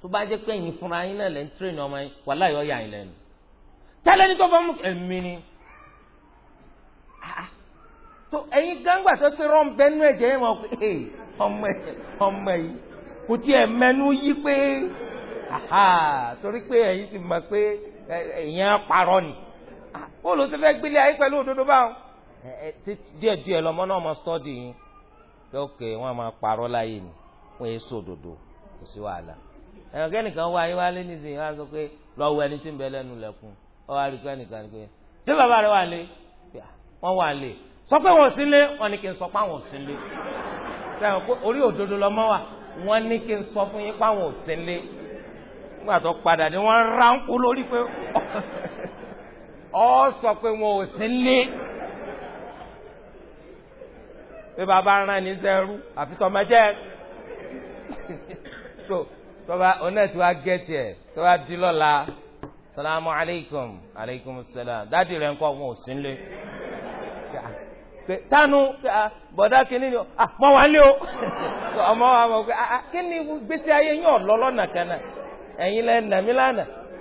tó bá jẹ́ pé ẹ̀yin fúnra yín náà lẹ́ ń train ọmọ yín wàhálà yóò yà yín lẹ́nu tẹ́lẹ̀ ní tó bá mú ẹ̀mí ni ah, ah. so ẹ̀yin gángba tó fi rán bẹ́nu ẹ̀jẹ̀ yẹn wọn pé ọmọ ẹ̀ ọmọ yìí kò tiẹ̀ mẹ́nu yí pé torí pé ẹ̀yin ti mọ̀ pé ẹ̀yin á parọ́ ni ó ló ti fẹ́ gbélé ayé pẹ̀lú òdodo báwọn. díẹ̀ díẹ̀ lọmọ náà mọ sọ́ọ̀dì yín lókè wọn máa parọ́ láyé ni wọn yé sòdodo kò sí wàhálà. ẹ̀wọ̀n kẹ́nìkan wá ayé wálé nísìnyí wọn á sọ pé lọ́wọ́ ẹni tí ń bẹ lẹ́nu lẹ́kùn ọ wá rí kẹ́nìkan pé ṣé bàbá rẹ wà lé wọn wà lé sọ pé wọn ò sí lé wọn ni kí n sọ pé àwọn ò sí lé orí òdodo lọmọ wa wọn ní kí n sọ fún yín pé àwọn ò sí lé nígbà tó padà ni wọn ránkú lórí pé ọ sọ pé wọn ò sí lé pé bàbá rán ní sẹ́rú àfi tọmọ jẹ́ so tọba onẹ́sì wa gẹ̀ẹ́tì ẹ̀ tọba di lọ́la salamu aleykum aleykum salam dádì rẹ̀ ńkọ́ wọn ò sí lé tánu bọ̀dá kini ni mọ wà lé o ọmọ wa mọ̀ pé kíni gbèsè ayé yín ọ̀ lọ́lọ́nà kan náà ẹ̀yin lẹ́ nàmí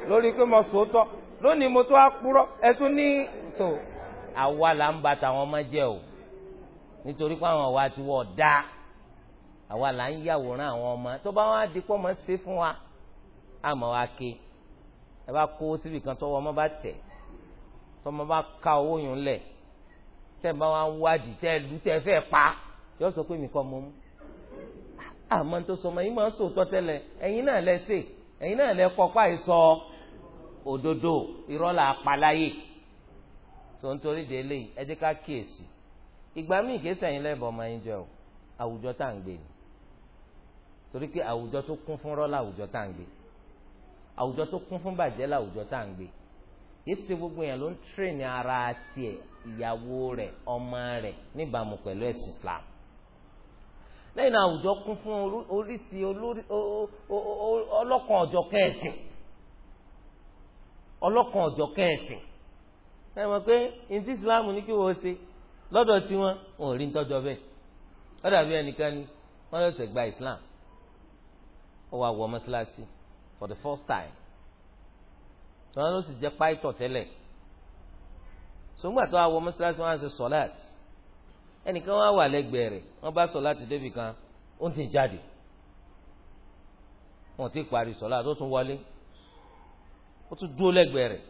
lórí pé mo sòótọ́ lónìí mo tún á kúrọ ẹ tún ní so àwa là ń ba tàwọn ọmọ jẹ o nítorí pé àwọn àwa ti wọ dáa àwa là ń yàwòrán àwọn ọmọ tó bá wọn á mọ́ ṣe fún wa àmọ́ wa ké ẹ bá kó síbi kan tọwọ́ ọmọ bá tẹ̀ tọmọ bá ka owó yùn lẹ̀ tẹ̀ bá wọn wádìí tẹ̀ lù tẹ̀ fẹ́ pa yóò sọ pé mi kọ́ mọ́ mú àmọ́ tó sọ ma yín máa ń sòótọ́ tẹ́lẹ̀ ẹ̀yin náà lẹ ẹ̀yin náà lẹ kọ́ òdodo irọ́ là tó ń torí de eléyìí ẹ kíyèsí ìgbà míì kìí sẹ́yìn lẹ́bọ̀ ọmọ yín jẹ o àwùjọ tá à ń gbé ni torí pé àwùjọ tó kún fún rọ́lá àwùjọ tá à ń gbé àwùjọ tó kún fún bàjẹ́ làwùjọ tá à ń gbé yìí ṣe gbogbo yẹn ló ń tírèèni ara tiẹ̀ ìyàwó rẹ̀ ọmọ rẹ̀ níbàámu pẹ̀lú ẹ̀sìn Islam lẹ́yìn náà àwùjọ kún fún oríṣi ọlọ́kan ọ̀jọ̀kan ẹ̀sìn ọlọ́kan ọ̀jọ̀ kẹ́ẹ̀sìn ẹ mọ̀ pé ntí ìsìláàmù ní kí wọ́n ṣe lọ́dọ̀ tí wọ́n wọn ò rí ntọ́jọ́ bẹ́ẹ̀ lọ́dà bí ẹnìkan ni wọ́n lọ́sẹ̀ gba islam ó wá wọ mọ́ṣáláṣí for the first time tọ́wọ́n ló sì jẹ́ páìtọ̀ tẹ́lẹ̀ sọgbà tó wá wọ mọ́ṣáláṣí wọn á ṣe sọ́láàtì ẹnìkan wọn á wà lẹ́gbẹ̀ẹ́ rẹ̀ wọ́n bá sọ́láàtì débì kan ó ti jáde wọn ò tí ì parí sọ́láàtì ó tún wọlé ó tún dúró lẹ́gbẹ̀ẹ́ rẹ̀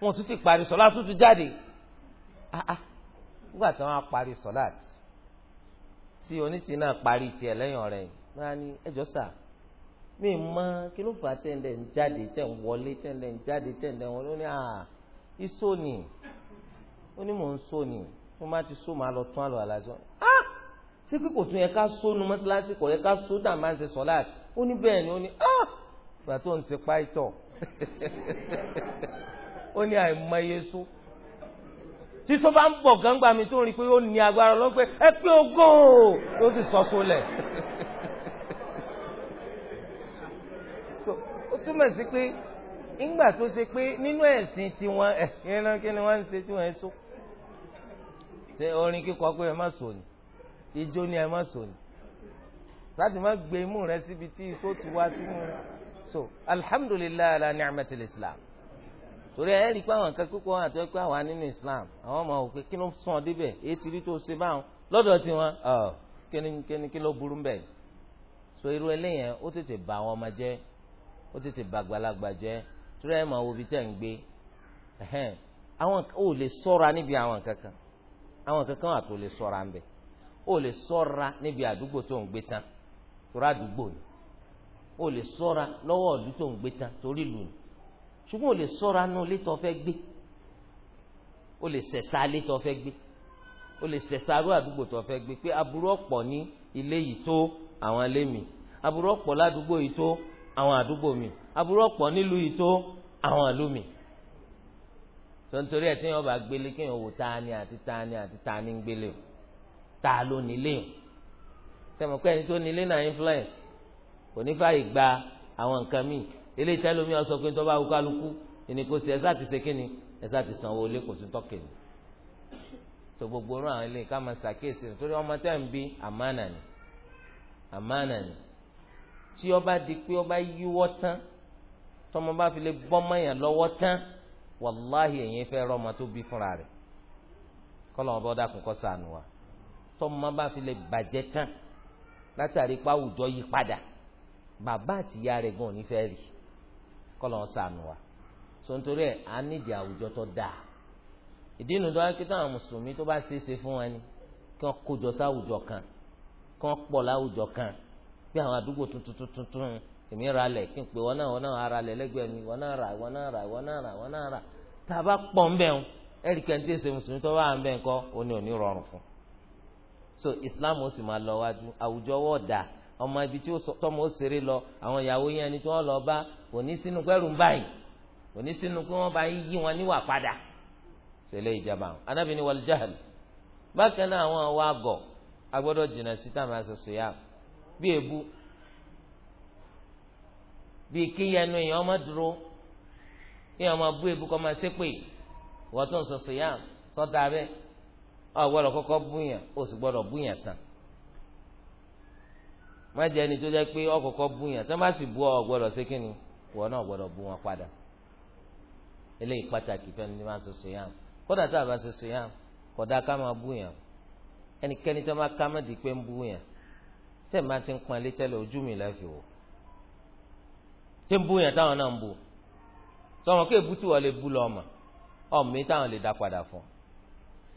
wọn tún ti parí sọlá tún tún jáde ah, ah nígbà tí wọn á parí sọlá tí onítì náà parí tiẹ̀ lẹ́yìn ọ̀rẹ́ yìí wọn á ní ẹjọ́ sà mí mọ kí ló fà á tẹ̀lé ń jáde tẹ̀ ń wọlé tẹ̀lé ń jáde tẹ̀lé ń wọlé ó ní ah iṣó ni ó ní mò ń só ni mo má ti só màá lọ tún àlọ́ àlàjọ ah ṣé kíkò tún yẹ ká sónu mọ́ṣáláṣí kò yẹ ká sódà máa ń ṣe sọlá ó ní bẹ́ẹ̀ ni ó ní ìgbà tó ń ṣe páìtọ̀ ó ní àìmọye só tí só bá ń bọ̀ gángba mi tó rí i pé ó ní agbára lọ pé ẹ pé ogó ó sì sọ sólẹ̀ ó túmọ̀ sí pé ńgbà tó ṣe pé nínú ẹ̀sìn tiwọn ẹ̀ yẹn náà kí ni wọ́n ń ṣe tí wọ́n ń sọ ṣe orin kíkọ pé ẹ má sọ ni ijó ni ẹ má sọ ni láti má gbé imú rẹ síbi tí iṣó ti wá sínú rẹ so alhamdulilayi ala ni'matil islam torí ẹ rí i pé àwọn kan kúkọ wọn àti ẹgbẹ́ àwa nínú islam àwọn ọmọ òkè kí ló sàn débẹ̀ èyí ti rí tó ṣe báwọn lọ́dọ̀ tiwọn kíni kí ló burú bẹ́ẹ̀ so irú eléyẹn ó tètè bà àwọn ọmọ jẹ́ ó tètè bà àgbàlagbà jẹ́ torí ẹ máa wo ibi tẹ́ ń gbé àwọn ò lè sọ́ra níbi àwọn kankan àwọn kankan wà tó lè sọ́ra ń bẹ̀ ó lè sọ́ra níbi àdúgbò tó ń gbé tán torí àdúgbò ni o lè sọ́ra lọ́wọ́ ìlú tó ń gbé tán torí ìlú ni ṣùgbọ́n o lè sọ́ra nù ilé tó fẹ́ gbé o lè sẹ̀sà ilé tó fẹ́ gbé o lè sẹ̀sà arú àdúgbò tó fẹ́ gbé pé aburú ọ̀pọ̀ ní ilé yìí tó àwọn ilé mi aburú ọ̀pọ̀ ládùúgbò yìí tó àwọn àdúgbò mi aburú ọ̀pọ̀ nílùú yìí tó àwọn ìlú mi tontori ẹ̀ yẹn ọba gbélé kí yẹn wò tani àti tani àti tani ń gbélé o ta ló nílé o sẹ́mi ẹni tó nílé náà influence kò ní fàyè gba àwọn nǹkan míì eléyìí tẹ́lẹ̀ omi ọ̀sọ́ pé tó bá wù kálukú ìní kò sí ẹ̀sà ti ṣe kíni ẹ̀sà ti sanwó ilé kò sí tọ́kì ni tó gbogbo orun àwọn eléyìí ká máa ṣàkíyèsí nítorí ọmọ tẹ́ ń bí àmánà ni àmánà ni tí ọba di pé ọba yíwọ́ tán tọmọ bá fi lè bọ́mọ yẹn lọ́wọ́ tán wàláhì èyí fẹ́ rọmọ tó bí fúnra rẹ̀ kọ́lọ̀ ọba ọ̀dà kò kọ́ sànù wa tọmọ bá fi lè bàjẹ́ tán látàrí pé yí padà bàbá àtìyá rẹ̀ gan ní fẹ́ rí kọ́lọ́ sànù wa sontori ẹ̀ á nídìí àwùjọ tó dáa ìdí inú tó wá kí táwọn mùsùlùmí tó bá ṣeé ṣe fún wa ni kí wọ́n kójọ sáwùjọ kan kí wọ́n pọ̀ láwùjọ kan bí àwọn àdúgbò tuntun tuntun tún èmi ra lẹ̀ kí n pè wọ́n náà wọ́n náà ara lẹ̀ lẹ́gbẹ̀ẹ́ mi wọ́n náà rà wọ́n náà rà wọ́n náà rà wọ́n náà rà tá a bá pọ̀ ń bẹ̀ ń ẹ̀rì kẹ́ntì ẹ̀sẹ̀ mùsùlùmí tó bá ń bẹ̀ ń kọ́ òní òní fún so Islam ó sì máa lọ wájú àwùjọ wọ́ọ̀dà ọmọ ibi tí tọmọ ó ṣeré lọ àwọn ìyàwó yẹn ni tí wọn lọ bá kò ní sínú pẹrù ń báyìí kò ní sínú pé wọn bá yí wọn níwà padà ṣẹlẹ̀ ìjàmbá anábì ni wal jahl bákan náà àwọn àwọn àgọ agbọ́dọ̀ jìnnà sí táwọn àṣẹṣe yá bí èbú bí kíyanu èèyàn ọmọ dúró kíyàn ọmọ bú èbú kọ́ máa ṣépè wọ́n tó ń ṣẹṣe yá sọ́dà kọ́kọ́ búyàn ó sì gbọ́dọ̀ búyàn sàn má jẹ́ ẹni tó jẹ́ pé ọkọ̀ọ̀kọ̀ bú yàn tí wọ́n bá sì bú ọ gbọ́dọ̀ ṣe kí ni wọ́n náà gbọ́dọ̀ bú wọn padà eléyìí pàtàkì fẹ́ni ní máa ṣoṣo yàn kódà tá a bá ṣoṣo yàn kódà ká máa bú yàn ẹnikẹ́ni tó máa ká má di pé ń bú yàn tẹ̀ máa ti ń pọn ilé tẹ́lẹ̀ ojú mi lẹ́ wò tí ń bú yàn táwọn náà ń bú sọ̀rọ̀ kí èbútí wọ́n lè bú lọ́ọ̀mà ọ̀mí táwọn lè dá padà fún un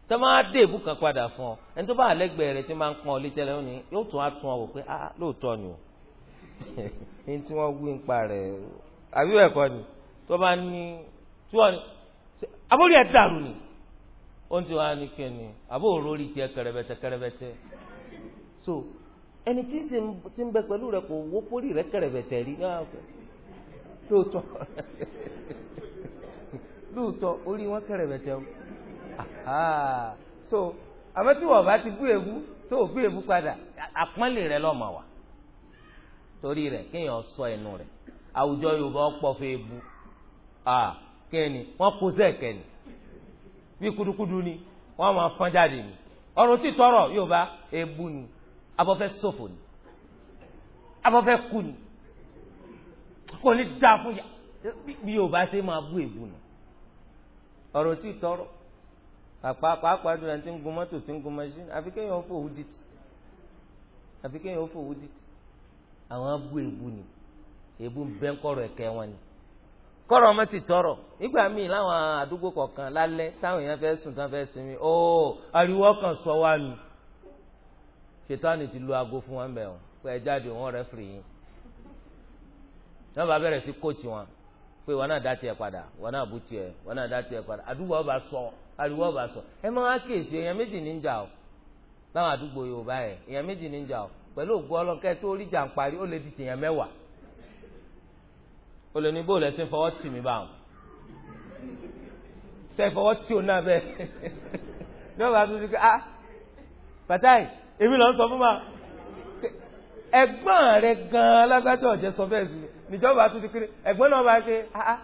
tẹ máa dé èbú kan padà fún ọ ẹni tó bá àlẹgbẹẹ rẹ tí máa ń pọn ọ létẹlẹ ó ní yóò tún á tún ọ wò pé ah lóòótọ́ ni o ẹni tí wọn wí ń pa rẹ àbí bẹ́ẹ̀ kọ́ ni tó bá ní tí wọn abórí ẹ dàrú ni ó ń tí wọn á ní kí ni àbó òrórí tiẹ̀ kẹrẹbẹtẹ kẹrẹbẹtẹ so ẹni tí ti ń bẹ pẹ̀lú rẹ kò wó pórí rẹ kẹrẹbẹtẹ rí lóòótọ́ lóòótọ́ orí wọn kẹrẹbẹtẹ o so àmọ́ tí wọ́n bá ti bú èébú tó o bú èébú padà àpọ́nlé rẹ lọ́mọ wa torí rẹ kéèyàn sọ ẹnu rẹ àwùjọ yorùbá ọ̀pọ̀ fún èébú kéènì wọ́n kó sẹ́ẹ̀kẹ́ ni bí kudukudu ni wọ́n máa fọ́n jáde ni ọ̀rọ̀ sì tọrọ yorùbá èébú ni abọ́fẹ́ sòfò ni abọ́fẹ́ kú ni kò ní dáa fún yà bí yorùbá ṣe máa bú èébú ni ọ̀rọ̀ sì tọrọ pàápàá jùlọ ẹni tí ń gun mọ́tò tí ń gun mọ́ṣíìnì àfi kéèyàn ó fòwú dìtì àfi kéèyàn ó fòwú dìtì àwọn abú èbú ni èbú ń bẹ́ ń kọ̀rọ̀ ẹ̀kẹ́ wọn ni kọ̀rọ̀ ọmọ ti tọrọ nígbà míì láwọn àdúgbò kọ̀ọ̀kan lálẹ́ táwọn èèyàn fẹ́ sùn tán fẹ́ sinmi ó ariwo kan sọ wá mi ṣètọ́ni ti lu aago fún wọn bẹ̀ wọn pé ẹ jáde wọn rẹ́ fìrì yín náà bá bẹ̀rẹ̀ sí kóòtù wọn pé wọn náà dá tiẹ̀ padà wọn náà bú tiẹ̀ wọn náà dá tiẹ̀ padà àdúgbò ọba sọ ariwo ọba sọ ẹ máa kíyèsí èèyàn méjì o láwọn àdúgbò yorùbá yẹn èèyàn méjì o pẹ̀lú ògùn ọlọ́kẹ́ tó rí jà ń parí ó lè di tìyàn mẹ́wàá ní bóòlù fọwọ́ tì mí báwọn fọwọ́ tì ó náà ah èmi lọ sọ fún ma rẹ gan sọ níjọba tún ti kiri ẹ̀gbọ́n náà bá ṣe ah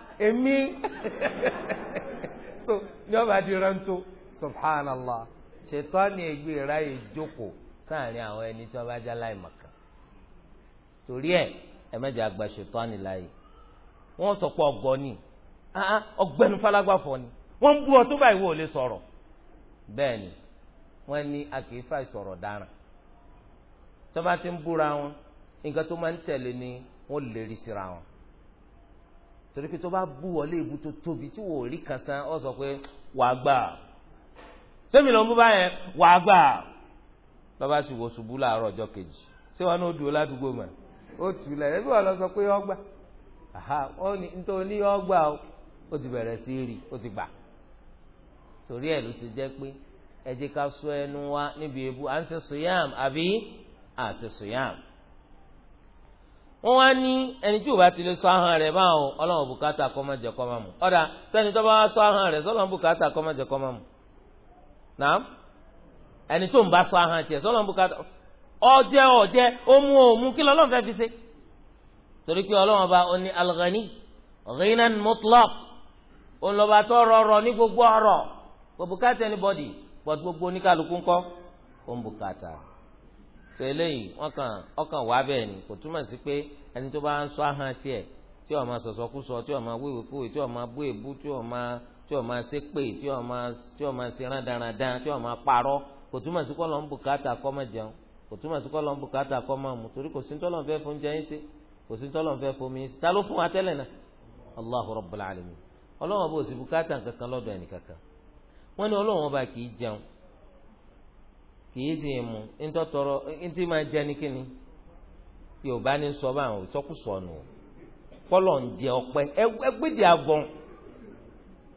so níjọba ti rántó subhanallah ṣètọ́ ni ègbé ráyè jókòó sáàrin àwọn ẹni tí wọ́n bá já láì màkà torí ẹ̀ ẹ mẹ́jọ àgbà ṣètọ́ ni láàyè wọ́n sọ pé ọgọ́ ni ah, ah, ọgbẹ́ni falágbá fọ ni wọ́n ń bú ọ tó báyìí wò lè sọ̀rọ̀ bẹ́ẹ̀ ni wọ́n ní a kì í fà sọ̀rọ̀ dáràn tí wọ́n bá ti ń búra wọn nǹkan tó máa ń tẹ̀lé ni wọ́n lè rí síra wọn torí pé tó bá bú wọlé ibu tó tóbi tí wò rí ọ sọ pé wàá gbà sẹ́mi ló ń bú báyẹn wàá gbà bàbá sì wò ṣubú láàárọ̀ ọjọ́ kejì ṣé wọn náà dùn ládùúgbò mọ́ ó tulẹ̀ ẹbí wọn lọ sọ pé nítorí ó ti bẹ̀rẹ̀ sí rí ó ti gbà torí ẹ̀ ló ti jẹ́ pé ẹ wọ́n wá ní ẹni tí ò bá ti lè sọ ahọ́n rẹ̀ báwọn ọlọ́run bùkátà kọ́ máa jẹ kọ́ máa mú ọ̀dà sẹ́ni tó bá wá sọ ahọ́n rẹ̀ sọ́lọ́run bùkátà kọ́ máa jẹ kọ́ máa mú nàám ẹni tó ń bá sọ ahọ́n tiẹ̀ sọ́lọ́run bùkátà ọjẹ ọjẹ omu omu kí lọ́lọ́run fẹ́ fi ṣe torí pé ọlọ́run ọba ó alghani ghinan mutlaq ònlọ́ba tó rọrọ ní gbogbo ọ̀rọ̀ kò bùkátà anybody but gbogbo oníkàlùkù ńkọ́ ó sọ eléyìí ọkàn ọkàn wà bẹ́ẹ̀ ni kò túmọ̀ sí pé ẹni tó bá ń sọ ahọ́n tiẹ̀ tí máa sọ̀sọ̀ kú sọ tí o máa wéwèé kúwèé tí o máa bú èbú tí o máa tí ọ̀ máa ṣe pé tí máa tí máa ṣe tí máa parọ́ jẹun kò túmọ̀ sí kọ́ lọ́n bùkátà kọ́ mu torí kò sí tọ́lọ̀ fẹ́ fún jẹ́ ṣe kò sí tọ́lọ̀ fẹ́ fún mi kìí ṣe èèmù ńtọ́tọrọ ńtí máa jẹ ní yorùbá sọ bá àwọn ìsọkúsọ nù kọ́lọ̀ ń jẹ ọpẹ ẹgbẹ́dì àgọ̀n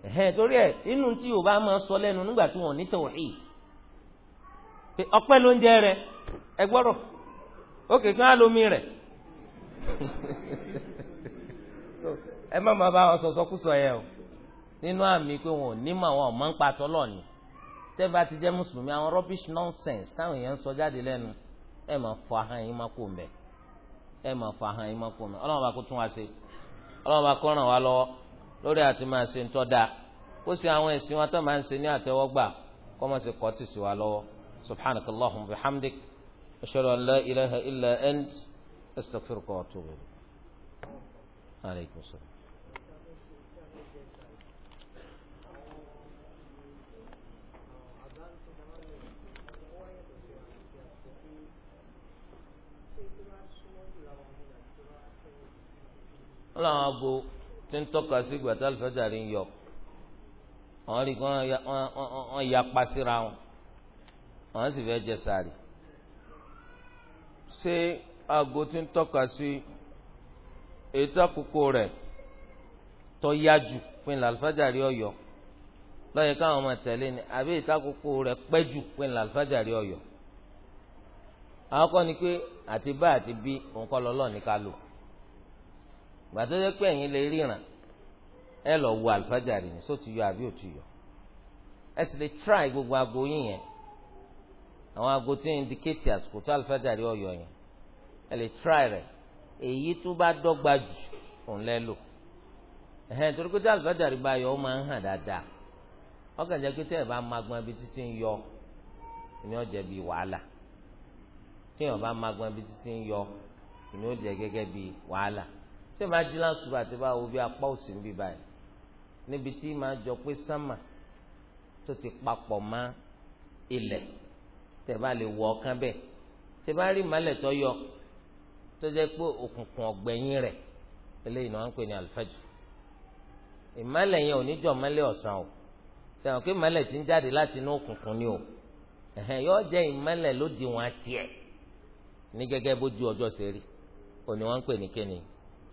ẹ̀hẹ́n torí ẹ̀ inú tí yorùbá máa sọ lẹ́nu nígbà tí wọ́n ní ọpẹ ló ń jẹ rẹ ẹ gbọ́dọ̀ ó kékeré á ẹ má má bá sọ sọkúsọ yẹn o nínú àmì pé wọn ò ní mọ àwọn ọmọ ń pa tọ́lọ̀ ni. tẹ́bà ti jẹ́ mùsùlùmí àwọn rubbish nonsense táwọn èèyàn ń sọ jáde lẹ́nu ẹ máa fọ ahọ́n yín má kó mbẹ́ ẹ máa fọ ahọ́n yín má kó mbẹ́ ọlọ́run bá kó tún wá ṣe ọlọ́run bá kó ràn wá lọ́wọ́ lórí àti máa ṣe ń tọ́ da kó sì àwọn ẹ̀sìn wa tó máa ń ṣe ní àtẹ́wọ́gbà kó má ṣe kọ́ tì sí wa lọ́wọ́ subhanakallahumma wa bihamdik ashhadu an la ilaha illa ant astaghfiruka wa atubu ilayk. wọn làwọn abo tí ń tọ́ka sí ìgbà tí alifájàrí ń yọ àwọn rí kán wọn yapa síra wọn àwọn sì fẹ́ jẹ sààrì ṣé aago tí ń tọ́ka sí ètò àkókò rẹ̀ tó yájú pinnu alifájàrí ọ̀yọ́ lọ́yẹ káwọn ọmọ tẹ̀lé ni àbí ètò àkókò rẹ̀ pẹ́jù pinnu alifájàrí ọ̀yọ́ àwọn kọ́ ni pé àti bá àti bí òun kọ́ lọ́lọ́ ká lò gbà tó yẹ pé ẹ̀yin lè ríran ẹ lọ wo àlùfájàrí ni só ti yọ àbí ò yọ ẹ sì lè try gbogbo aago yín yẹn àwọn aago tí ń indicate àsìkò tó àlùfájàrí ọyọ yẹn ẹ lè try rẹ èyí tó bá dọ́gba jù òun lẹ lò ẹhẹn torí pé tí àlùfájàrí bá yọ ó máa ń hàn dáadáa ọkàn jẹ́ pé tẹ́ ẹ̀ bá máa gbọ́n bí títí ń yọ ìní ó jẹ́ bí wàhálà tí èèyàn bá máa bí títí ń yọ ìní ó jẹ́ gẹ́gẹ́ bí wàhálà tí ìbá jí lásùbà àti bá wo bí apá òsì ń bì báyìí níbi tí màá jọ pé sánmà tó ti papọ̀ mọ́ ilẹ̀ tẹ̀ bá lè wọ ọkàn bẹ́ẹ̀ tẹ̀ bá rí ìmọ̀lẹ̀ tó yọ tó jẹ́ pé òkùnkùn ọ̀gbẹ̀yìn rẹ̀ eléyìí náà ń pè ní alifájù ìmọ̀lẹ̀ yẹn ò ní jọ mọ́lẹ̀ ọ̀sán o sẹ̀wọ̀n pé ìmọ̀lẹ̀ ti ń jáde láti inú òkùnkùn ni o yóò jẹ́ ìmọ̀lẹ̀ lódiwọ̀n tiẹ̀ ní gẹ́gẹ́ bójú ọjọ́ ṣe òní wọ́n ń pè ní kíni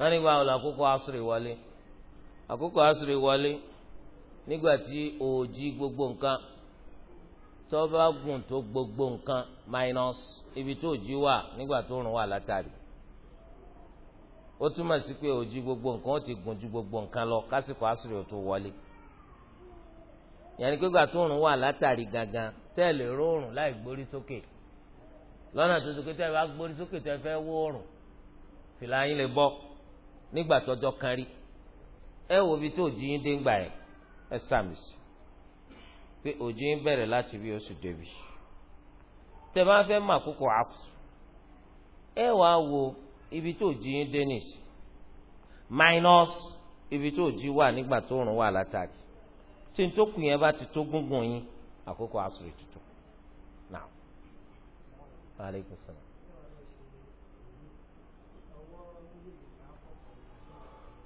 wọ́n nígbà wọn àkókò asùrì wọlé àkókò asùrì wọlé nígbà tí òòjì gbogbo nǹkan tó gùn tó gbogbo nǹkan minus ibi tó òjì wà nígbà tó rùn wà látàrí ó túmọ̀ sí pé òjì gbogbo nǹkan ó ti gùn ju gbogbo nǹkan lọ kásìkò asùrì ò tó wọlé yàní gbégbà tó rùn wà látàrí gangan tẹ́lẹ̀ rọrùn láì gbórí sókè lọ́nà tó tó pé bá gbórí sókè tẹ́lẹ̀ fẹ́ wọ́ọ̀rùn fìlà yín lè bọ́ nígbà tọ́jọ́ kan rí ẹ wo ibi tí òjì yín dé ń gbà yẹn ẹ sàmìsì pé òjì yín bẹ̀rẹ̀ láti bí oṣù débi tẹ bá fẹ́ mọ àkókò asù ẹ wàá wo ibi tí òjì yín dé nìsí minus ibi tí òjì wà nígbà tó rùn wà látàrí tí n tó kù yẹn bá ti tó gúngùn yín àkókò asù rẹ̀ tuntun náà. Aleykum salaam.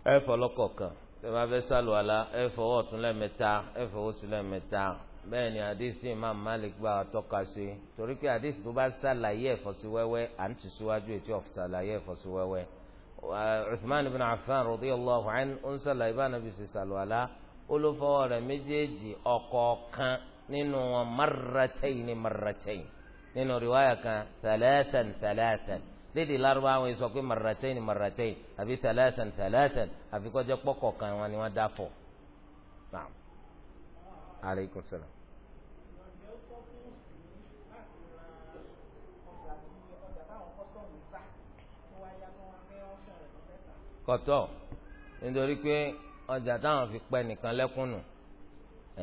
ẹ fọlọ́kọ̀ kan tẹ bá fẹ́ sálò àlá ẹ fọwọ́ ọ̀tún lẹ́ẹ̀mẹ́ta ẹ fọwọ́ sí lẹ́ẹ̀mẹ́ta bẹ́ẹ̀ ni àdéhùn imam malik gba àtọ́ka sí torí pé àdéhùn tó bá sàlàyé ẹ̀fọ́ sí wẹ́wẹ́ à ń tẹ̀síwájú ètò ọ̀sàlàyé ẹ̀fọ́ sí wẹ́wẹ́ uthman ibn affan radiyallahu anhu ó ń sàlàyé bá nàbì sí sàlù àlá ó ló fọwọ́ rẹ̀ méjèèjì ọ̀kọ̀ọ̀kan nínú wọn marratayn marratayn nínú riwaya kan thalathan thalathan lédè lárúbáwá yìí sọ pé marratain marratain àbí talatan talatan àfi kọjá pọkọ kan wọn ni wọn dá fọ. aleykum salaam. kọtọ nítorí pé ọjà táwọn fi pẹ nìkan lẹkùnù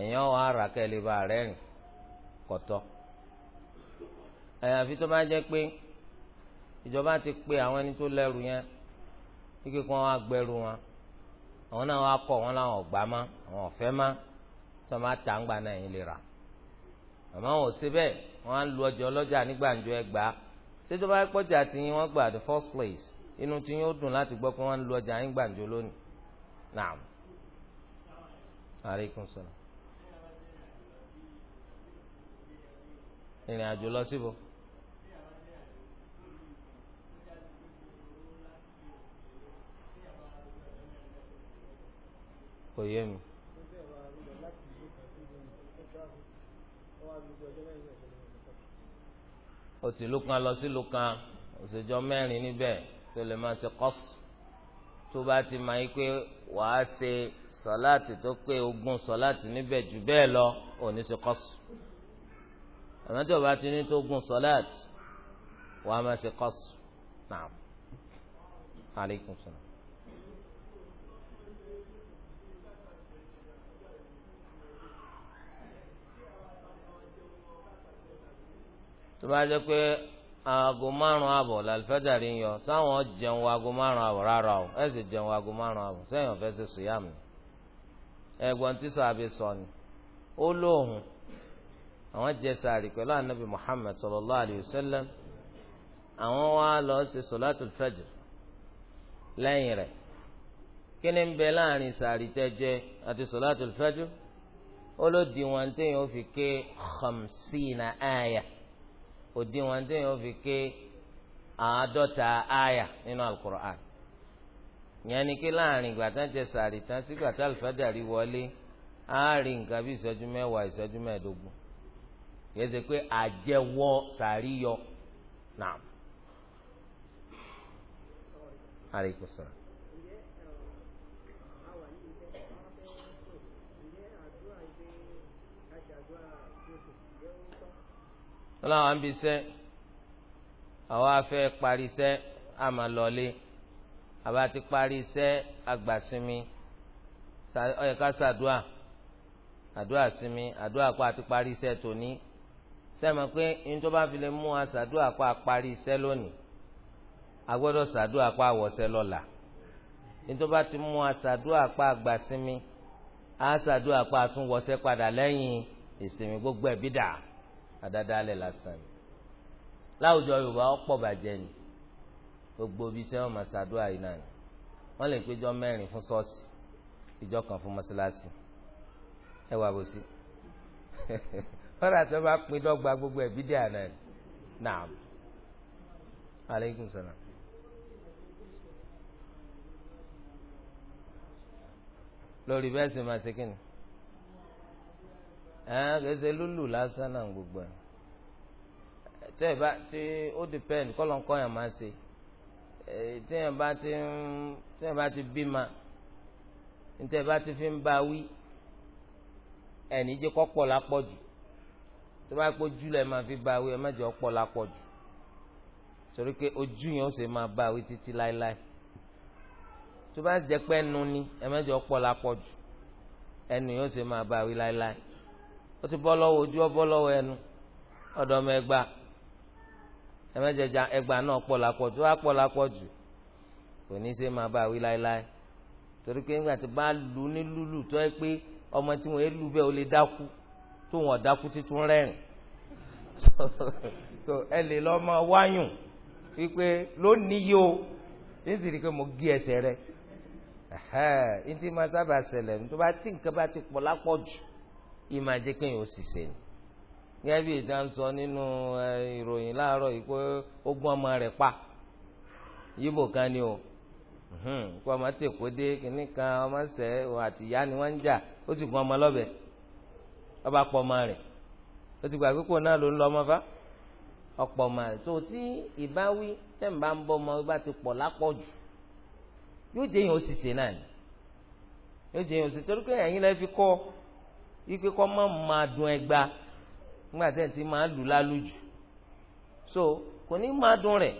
ẹ̀yàn wà á rà kẹ́lẹ́ bá rẹ́rìn kọtọ. àyàfi tó bá jẹ́ pé ìjọba ti pe àwọn ẹni tó lẹ́rù yẹn kíkẹ́ kí wọ́n wá gbẹ́rù wọn àwọn náà wá kọ̀ wọ́n láwọn ọ̀gbá má àwọn ọ̀fẹ́ má tí wọ́n bá ta ń gba náà yín lè rà àmọ́ wọn ò ṣe bẹ́ẹ̀ wọ́n á lu ọjà ọlọ́jà nígbàjọ ẹgbà ṣé tó bá pọ́jà tí yín wọ́n gbà the first place inú tí yín ó dùn láti gbọ́ pé wọ́n ń lu ọjà yín gbàjọ lónìí naam aleykum salaam ìrìn àjò lọ síbò. kò yé mi. o ti ìlú kan lọ sí ìlú kan òṣèjọ mẹ́rin níbẹ̀ tó lè máa ṣe kọ́sù tó bá ti máa yí pé wàá ṣe sọláàtì tó pé ogún sọláàtì níbẹ̀ jù bẹ́ẹ̀ lọ ò ṣe kọ́sù àmọ́ tí o bá ti ní tó ogún sọláàtì wàá máa ṣe kọ́sù náà. tó bá jẹ́ pé aago márùn àbọ̀ làlùfẹ́jàrí ń yọ sáwọn jẹun aago márùn àbọ̀ rárá o ẹ sì jẹun aago márùn àbọ̀ sẹ́yìn ọ̀fẹ́ sì sùn yá mi ẹ̀gbọ́n tí sọ àbí sọ ni ó lóhùn àwọn jẹ sààrì pẹ̀lú anabi Muhammad sallallahu alayhi àwọn wá lọ ṣe solatul fajr lẹ́yìn rẹ̀ kí ni ń bẹ láàrin sààrì tẹ́jẹ́ àti solatul fajr ó ló di wọn téèyàn ó fi ké khamsina aya. òdiwọ̀n tí yóò fi ké àádọ́ta àyà nínú alukur'an yẹn ni ké láàrin ìgbà jẹ sàrì tán sí ìgbà tá wọlé á nǹkan bí ìṣẹ́jú mẹ́wàá ìṣẹ́jú mẹ́ẹ̀ẹ́dógún yẹ pé sàrí yọ láwọn àbí iṣẹ́ àwọn afẹ́ parí iṣẹ́ àmà lọ́lé àbá ti parí iṣẹ́ àgbàsinmi ọ̀yẹ̀ ká ṣàdúà àdúà sinmi àdúà pa àti parí iṣẹ́ tòní sẹ́mi pé ní tó bá fi lè mú wa ṣàdúà pa parí iṣẹ́ lónìí a gbọ́dọ̀ ṣàdúà pa àwọ̀ṣẹ́ lọ́la ní ti mú wa ṣàdúà pa àgbàsinmi a ṣàdúà pa padà lẹ́yìn ìsinmi gbogbo ẹ̀bí dà àdádálẹ̀ lásán ni láwùjọ yorùbá ọ̀pọ̀ bàjẹ́ ni gbogbo ibi sẹ wọn màsàdúrà yìí náà ni wọn lè péjọ mẹ́rin fún ṣọ́ọ̀ṣì ìjọ kan fún mọ́ṣáláṣí ẹ wà bó sí wọn àti wọn bá pín dọ́gba gbogbo ẹbí dé àná ni naam aleykum salaam. lórí bẹ́ẹ̀ sì máa ṣe kí ni ẹn gẹ́sẹ̀ lulu lásán náà gbogbo ẹ̀ tẹ́ ẹ bá tí ó dìpẹ́ǹd kọ́lọ́ńkọ́ yẹn máa ṣe tí ẹ bá ti ń tí ẹ bá ti bímọ tí ẹ bá ti fi ń ba wí ẹnì jẹ́ kọ́pọ̀ lápọ̀jù tó bá pọ̀ jù lẹ́ẹ̀ máa fi ba wí ẹ má jẹ́ ọ̀pọ̀ lápọ̀jù torí pé ojú yẹn ó sì máa ba wí títí láéláé tó bá jẹ́ pé ẹnu ni ẹ má jẹ́ ọ̀pọ̀ lápọ̀jù ẹnu yẹn ó sì máa ba wí láéláé ó ti bọ́ lọ́wọ́ ojú ọ bọ́ lọ́wọ́ ẹnu ọ̀dọ̀ ọmọ ẹgbà ẹ̀mẹ́jẹ̀jà ẹgbà náà pọ̀ lápọ̀jù á pọ̀ lápọ̀jù kò ní í ṣe máa bá wí láéláé torí pé nígbà tí bá lù ní lùlù tó ẹ pé ọmọ tí wọn lù bẹ́ẹ̀ ó lè dákú tó wọn dákú títún rẹ́rìn so ẹ lè lọ́ máa wáyùn wípé lónìí yìí o ní sì rí i pé mo gé ẹsẹ̀ rẹ̀ ẹ̀hẹ́n ní ti máa sábà ṣẹlẹ̀ tó bá tí nǹkan bá ti pọ̀ lápọ̀jù yìí máa jẹ́ kéèyàn ó ni gẹ́gẹ́ bí ìjà ń sọ nínú ìròyìn láàárọ̀ yìí pé ó gbọ́n ọmọ rẹ̀ pa yíbò kan ni o kó ọmọ tí èkó dé kínní kan ọmọ sẹ àti ìyá ni wọ́n ń jà ó sì gbọ́n ọmọ lọ́bẹ̀ ọba pọ̀ ọmọ rẹ̀ ó ti gbà pípò náà ló ń lọ ọmọ fa ọ̀pọ̀ ọmọ rẹ̀ tó tí ìbáwí tẹ̀m̀bá ń bọ́ ọmọ bá ti pọ̀ lápọ̀jù yóò jẹ́ ó sì ṣe náà ni yóò jẹ́ ó sì torí pé ẹ̀yin lẹ́ fi kọ́ ọ wípé kọ́ mọ́ máa dun ẹgba nígbà tẹ̀ tí máa lù lálùjù so kò ní máa dun rẹ̀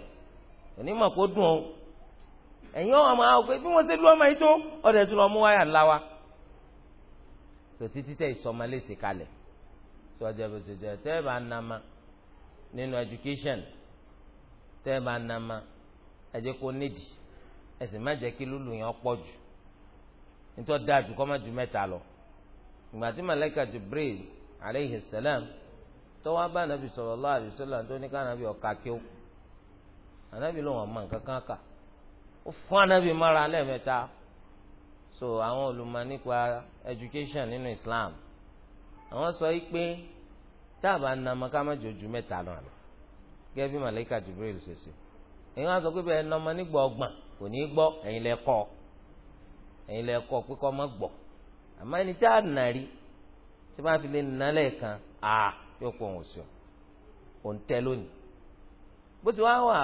kò ní máa kó dùn ọ́ ẹ̀yin ọ̀ máa wọ bí wọ́n ṣe lu ọmọ yìí tó ọ̀dẹ̀ tó lọ mú wáyà ńlá wa so títí tẹ̀ ìsọmọlẹ́sẹ̀ kalẹ̀ so ọjọ́ bó ṣe jẹ́ tẹ́ ẹ bá nàma education tẹ́ ẹ bá nàma ẹ jẹ́ kó nídìí ẹ sì má jẹ́ kí lùlù yẹn pọ̀ jù nítorí dáa jù kọ́ má ju mẹ́ta lọ ìgbàtí malaika jibril aleyhi salam tó wá bá anabi sallallahu alaihi wasallam tó ní ká anabi ọ̀ka kí ó anabi ló wọn mọ nǹkan kan kà ó fún anabi mọ́ra lẹ́ẹ̀mẹ́ta so àwọn olùmọ̀ nípa education nínú islam àwọn sọ yìí pé táàbà nàmọ ká má jòjú mẹ́ta náà lọ gẹ́gẹ́ bí malaika jibril ṣe ṣe èyí wọn sọ pé bẹ́ẹ̀ nàmọ nígbà ọgbọ̀n kò ní í gbọ́ ẹ̀yin lẹ́kọ́ ẹ̀yin lẹ́kọ́ pé kọ́ mọ́ gbọ́ àmọ́ ẹni tí a nà rí tí wọ́n á fi lè nà lẹ́ẹ̀kan à yóò pọ̀ òun sùn òun tẹ́ lónìí bó ti wá wà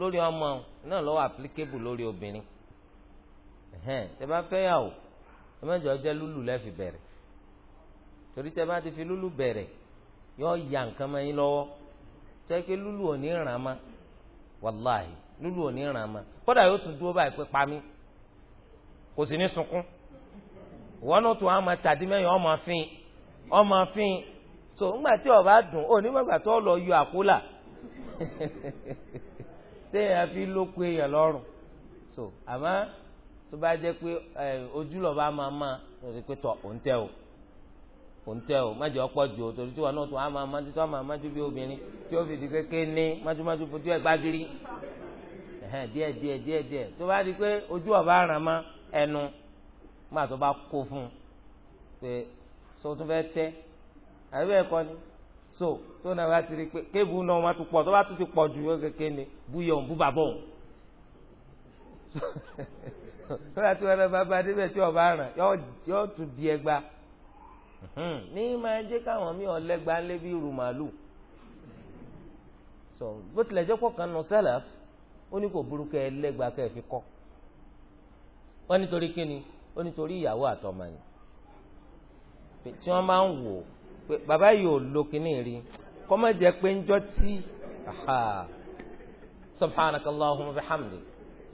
lórí ọmọ náà lọ́wọ́ applicable lórí obìnrin ẹ̀hẹ́n tẹ́ bá fẹ́ yà o ẹ má jọ jẹ́ lúlù lẹ́fi bẹ̀rẹ̀ torí tẹ́ bá ti fi lúlù bẹ̀rẹ̀ yọ ya nǹkan mọ́ yín lọ́wọ́ tẹ́ pé lúlù ò ní ràn án wàláhì lúlù ò ní ràn án kódà yóò tún dúró báyìí pé pa mí kò sì ní sunkún wọn náà tún wọn máa tàdí mẹ́yìn ọmọ fín ọmọ fín so ńgbà tí ọba dùn ó ní bàbà tó lọ yọ àkólà téèyàn fi lóko èèyàn lọ́rùn so àmọ́ tó bá jẹ́ pé ojúlọ́ba máa máa lórí pé tọ òun tẹ o òun tẹ o májè ọ̀pọ̀ jù o torí tí wọn náà tún wọn máa máa títí wọn máa máa ju bí obìnrin tí ó fi di kékeré ní májúmájú fojú ẹ gbágiri díẹ̀ díẹ̀ díẹ̀ díẹ̀ tó bá di pé ojú ọba àràmá ẹnu nígbà tó bá kó fún un pé so tún fẹ́ tẹ́ àbí bẹ́ẹ̀ kọ́ ni so tó náà bá ti rí pé kébù náà wọ́n ti pọ̀ tó bá tún ti pọ̀ ju kékeré ni búyọ̀ ń bú bàbọ̀ òun tó bá tún wọn náà bá bá débẹ̀ tí ọba ràn yóò tún di ẹgba hmm, ní máa jẹ́ káwọn mi ọ̀lẹ́gba ń lé bí rùmàlù so bó tilẹ̀ jẹ́ pọ̀ kan nù sẹ́lẹ̀f ó ní kò burúkú ẹlẹ́gba kẹ́ ẹ fi kọ́ wọ́n nítorí kí ni ó nítorí ìyàwó àtọmọ ni tí wọ́n máa ń wò pé bàbá yìí ò lo kínní rí kọ́ má jẹ́ pé ń jọ́ tí subhanakallahumma wa bihamdik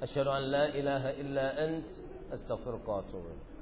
ashhadu an la ilaha illa ant astaghfiruka wa atubu ilayk.